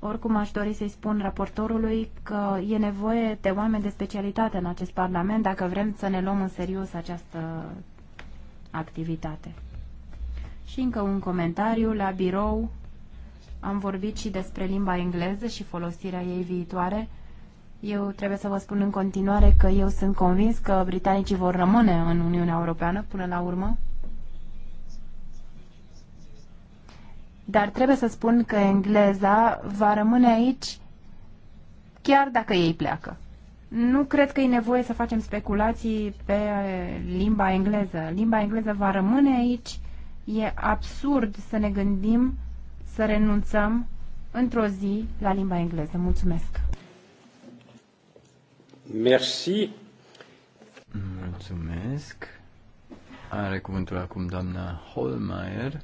oricum aș dori să-i spun raportorului că e nevoie de oameni de specialitate în acest Parlament dacă vrem să ne luăm în serios această activitate. Și încă un comentariu la birou. Am vorbit și despre limba engleză și folosirea ei viitoare. Eu trebuie să vă spun în continuare că eu sunt convins că britanicii vor rămâne în Uniunea Europeană până la urmă. Dar trebuie să spun că engleza va rămâne aici chiar dacă ei pleacă. Nu cred că e nevoie să facem speculații pe limba engleză. Limba engleză va rămâne aici. E absurd să ne gândim să renunțăm într-o zi la limba engleză. Mulțumesc! Merci! Mulțumesc! Are cuvântul acum doamna Holmeier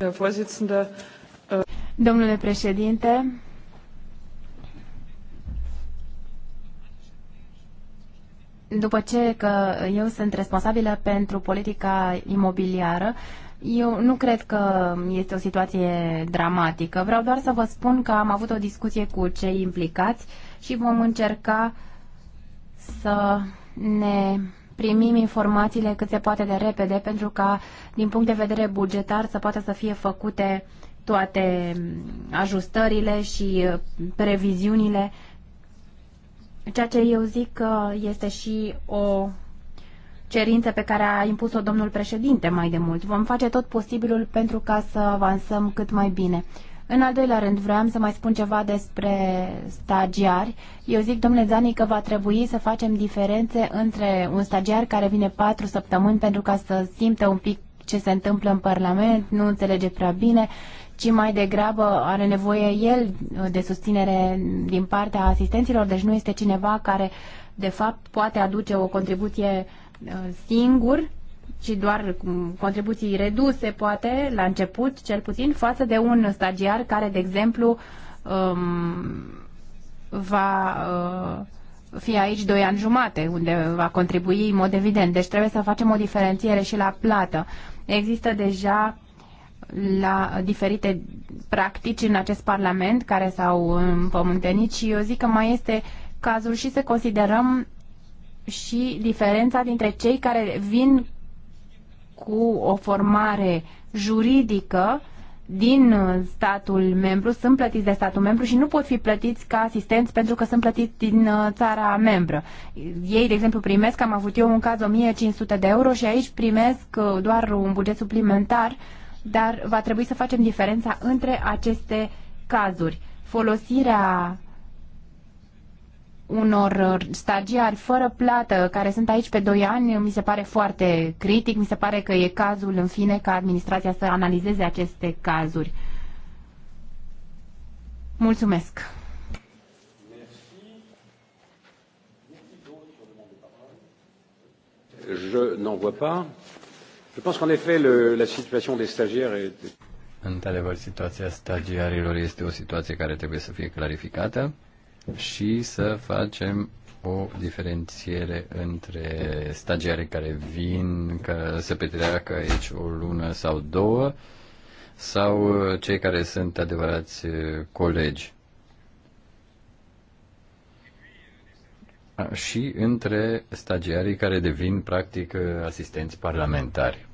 Äh, Domnule președinte, după ce că eu sunt responsabilă pentru politica imobiliară, eu nu cred că este o situație dramatică. Vreau doar să vă spun că am avut o discuție cu cei implicați și vom încerca să ne primim informațiile cât se poate de repede pentru ca, din punct de vedere bugetar, să poată să fie făcute toate mm, ajustările și uh, previziunile. Ceea ce eu zic că este și o cerință pe care a impus-o domnul președinte mai de mult. Vom face tot posibilul pentru ca să avansăm cât mai bine. În al doilea rând, vreau să mai spun ceva despre stagiari. Eu zic, domnule Zani, că va trebui să facem diferențe între un stagiar care vine patru săptămâni pentru ca să simtă un pic ce se întâmplă în Parlament, nu înțelege prea bine, ci mai degrabă are nevoie el de susținere din partea asistenților, deci nu este cineva care, de fapt, poate aduce o contribuție uh, singur ci doar contribuții reduse, poate, la început, cel puțin, față de un stagiar care, de exemplu, um, va uh, fi aici doi ani jumate, unde va contribui în mod evident. Deci trebuie să facem o diferențiere și la plată. Există deja la diferite practici în acest Parlament care s-au împământenit și eu zic că mai este cazul și să considerăm și diferența dintre cei care vin cu o formare juridică din statul membru sunt plătiți de statul membru și nu pot fi plătiți ca asistenți pentru că sunt plătiți din uh, țara membră. Ei, de exemplu, primesc, am avut eu un caz 1500 de euro și aici primesc uh, doar un buget suplimentar, dar va trebui să facem diferența între aceste cazuri. Folosirea unor uh, stagiari fără plată care sunt aici pe 2 ani mi se pare foarte critic, mi se pare că e cazul în fine ca administrația să analizeze aceste cazuri. Mulțumesc! Je n'en vois pas. Je pense qu'en effet, le, la situation des stagiaires est... Într-adevăr, situația stagiarilor este o situație care trebuie să fie clarificată și să facem o diferențiere între stagiare care vin, că se petreacă aici o lună sau două, sau cei care sunt adevărați uh, colegi. Și între stagiarii care devin, practic, uh, asistenți parlamentari.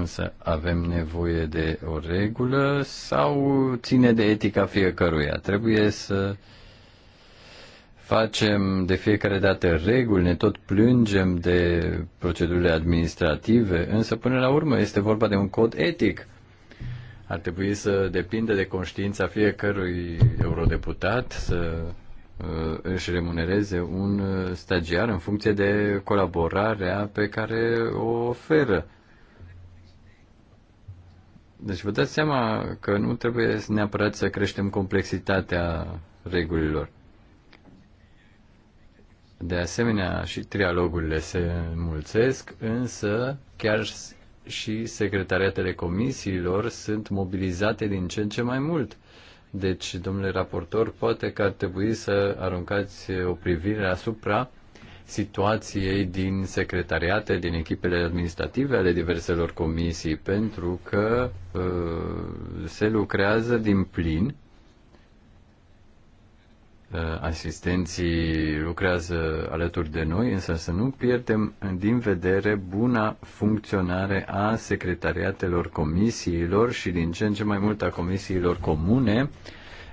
Însă avem nevoie de o regulă sau ține de etica fiecăruia? Trebuie să facem de fiecare dată reguli, ne tot plângem de procedurile administrative, însă până la urmă este vorba de un cod etic. Ar trebui să depinde de conștiința fiecărui eurodeputat să uh, își remunereze un uh, stagiar în funcție de colaborarea pe care o oferă. Deci vă dați seama că nu trebuie neapărat să creștem complexitatea regulilor. De asemenea, și trialogurile se înmulțesc, însă chiar și secretariatele comisiilor sunt mobilizate din ce în ce mai mult. Deci, domnule raportor, poate că ar trebui să aruncați o privire asupra situației din secretariate, din echipele administrative ale diverselor comisii, pentru că uh, se lucrează din plin. Uh, asistenții lucrează alături de noi, însă să nu pierdem din vedere buna funcționare a secretariatelor comisiilor și din ce în ce mai mult a comisiilor comune.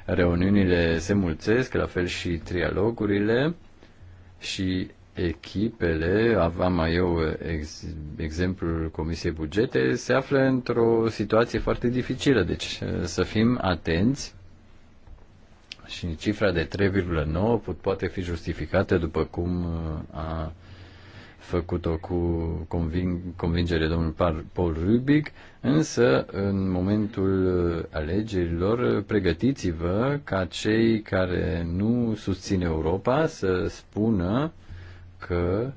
Reuniunile se mulțesc, la fel și trialogurile și echipele, aveam eu ex, exemplul Comisiei Bugete, se află într-o situație foarte dificilă. Deci eh, să fim atenți și cifra de 3,9 poate fi justificată după cum eh, a făcut-o cu conving, convingere domnul Paul Rubic, însă în momentul alegerilor pregătiți-vă ca cei care nu susțin Europa să spună uh, că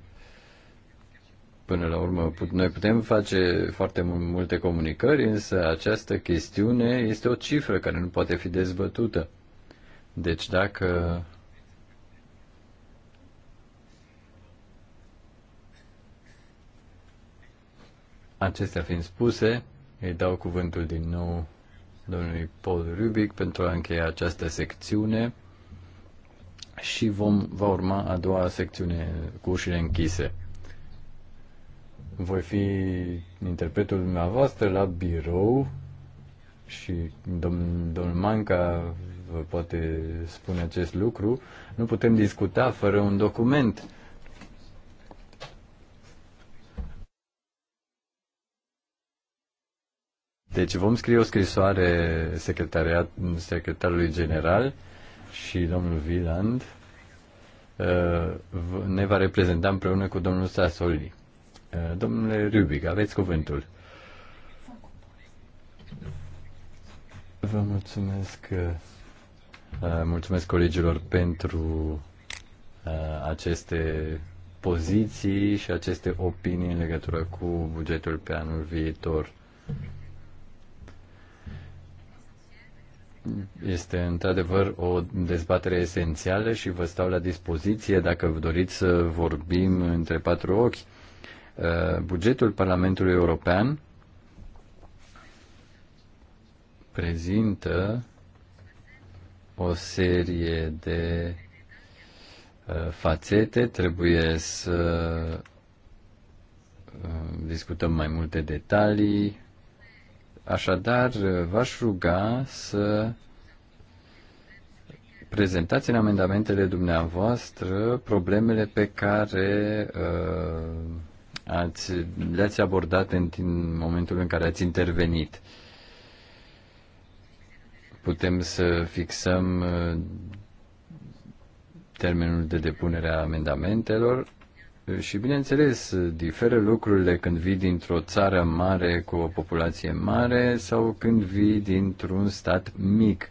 până la urmă noi putem face foarte multe comunicări, însă această chestiune este o cifră care nu poate fi dezbătută. Deci dacă Acestea fiind spuse, îi dau cuvântul din nou domnului Paul Rubic pentru a încheia această secțiune și vom, va urma a doua secțiune cu ușile închise. Voi fi interpretul dumneavoastră la birou și domn, domnul Manca vă poate spune acest lucru. Nu putem discuta fără un document. Deci vom scrie o scrisoare secretariat, secretarului general și domnul Viland uh, ne va reprezenta împreună cu domnul Sassoli. Uh, domnule Rubic, aveți cuvântul. Vă mulțumesc, uh, mulțumesc colegilor pentru aceste poziții și aceste opinii în legătură cu bugetul pe anul viitor. Este într-adevăr o dezbatere esențială și vă stau la dispoziție dacă vă doriți să vorbim între patru ochi. Uh, bugetul Parlamentului European prezintă o serie de uh, fațete, trebuie să uh, discutăm mai multe detalii, Așadar, v-aș ruga să prezentați în amendamentele dumneavoastră problemele pe care uh, ați, le-ați abordat în, în momentul în care ați intervenit. Putem să fixăm uh, termenul de depunere a amendamentelor și bineînțeles, diferă lucrurile când vii dintr-o țară mare cu o populație mare sau când vii dintr-un stat mic.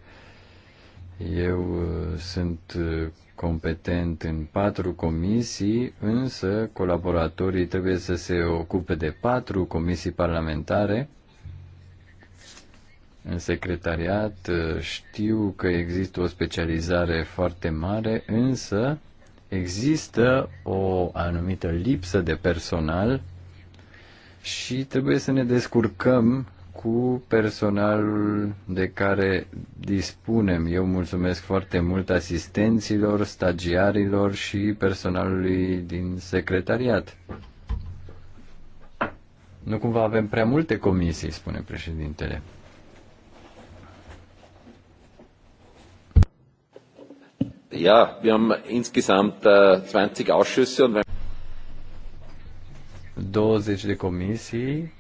Eu uh, sunt uh, competent în patru comisii, însă colaboratorii trebuie să se ocupe de patru comisii parlamentare. În secretariat uh, știu că există o specializare foarte mare, însă există o anumită lipsă de personal și trebuie să ne descurcăm cu personalul de care dispunem. Eu mulțumesc foarte mult asistenților, stagiarilor și personalului din secretariat. Nu cumva avem prea multe comisii, spune președintele. Ja, wir haben insgesamt 20 äh, Ausschüsse und 20 de comisii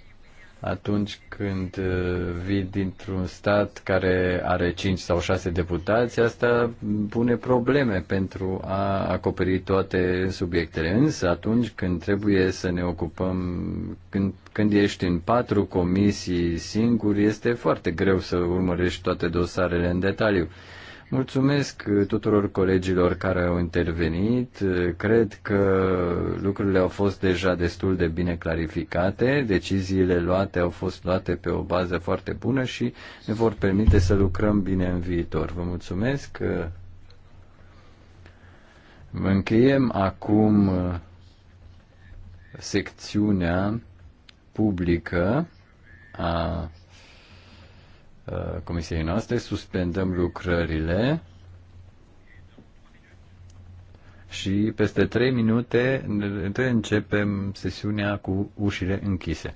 atunci când uh, vii dintr-un stat care are 5 sau 6 deputați, asta pune probleme pentru a acoperi toate subiectele. Însă atunci când trebuie să ne ocupăm, când, când ești în patru comisii singuri, este foarte greu să urmărești toate dosarele în detaliu. Mulțumesc tuturor colegilor care au intervenit. Cred că lucrurile au fost deja destul de bine clarificate, deciziile luate au fost luate pe o bază foarte bună și ne vor permite să lucrăm bine în viitor. Vă mulțumesc. Vă încheiem acum secțiunea publică a Uh, comisiei noastre, suspendăm lucrările și peste 3 minute începem sesiunea cu ușile închise.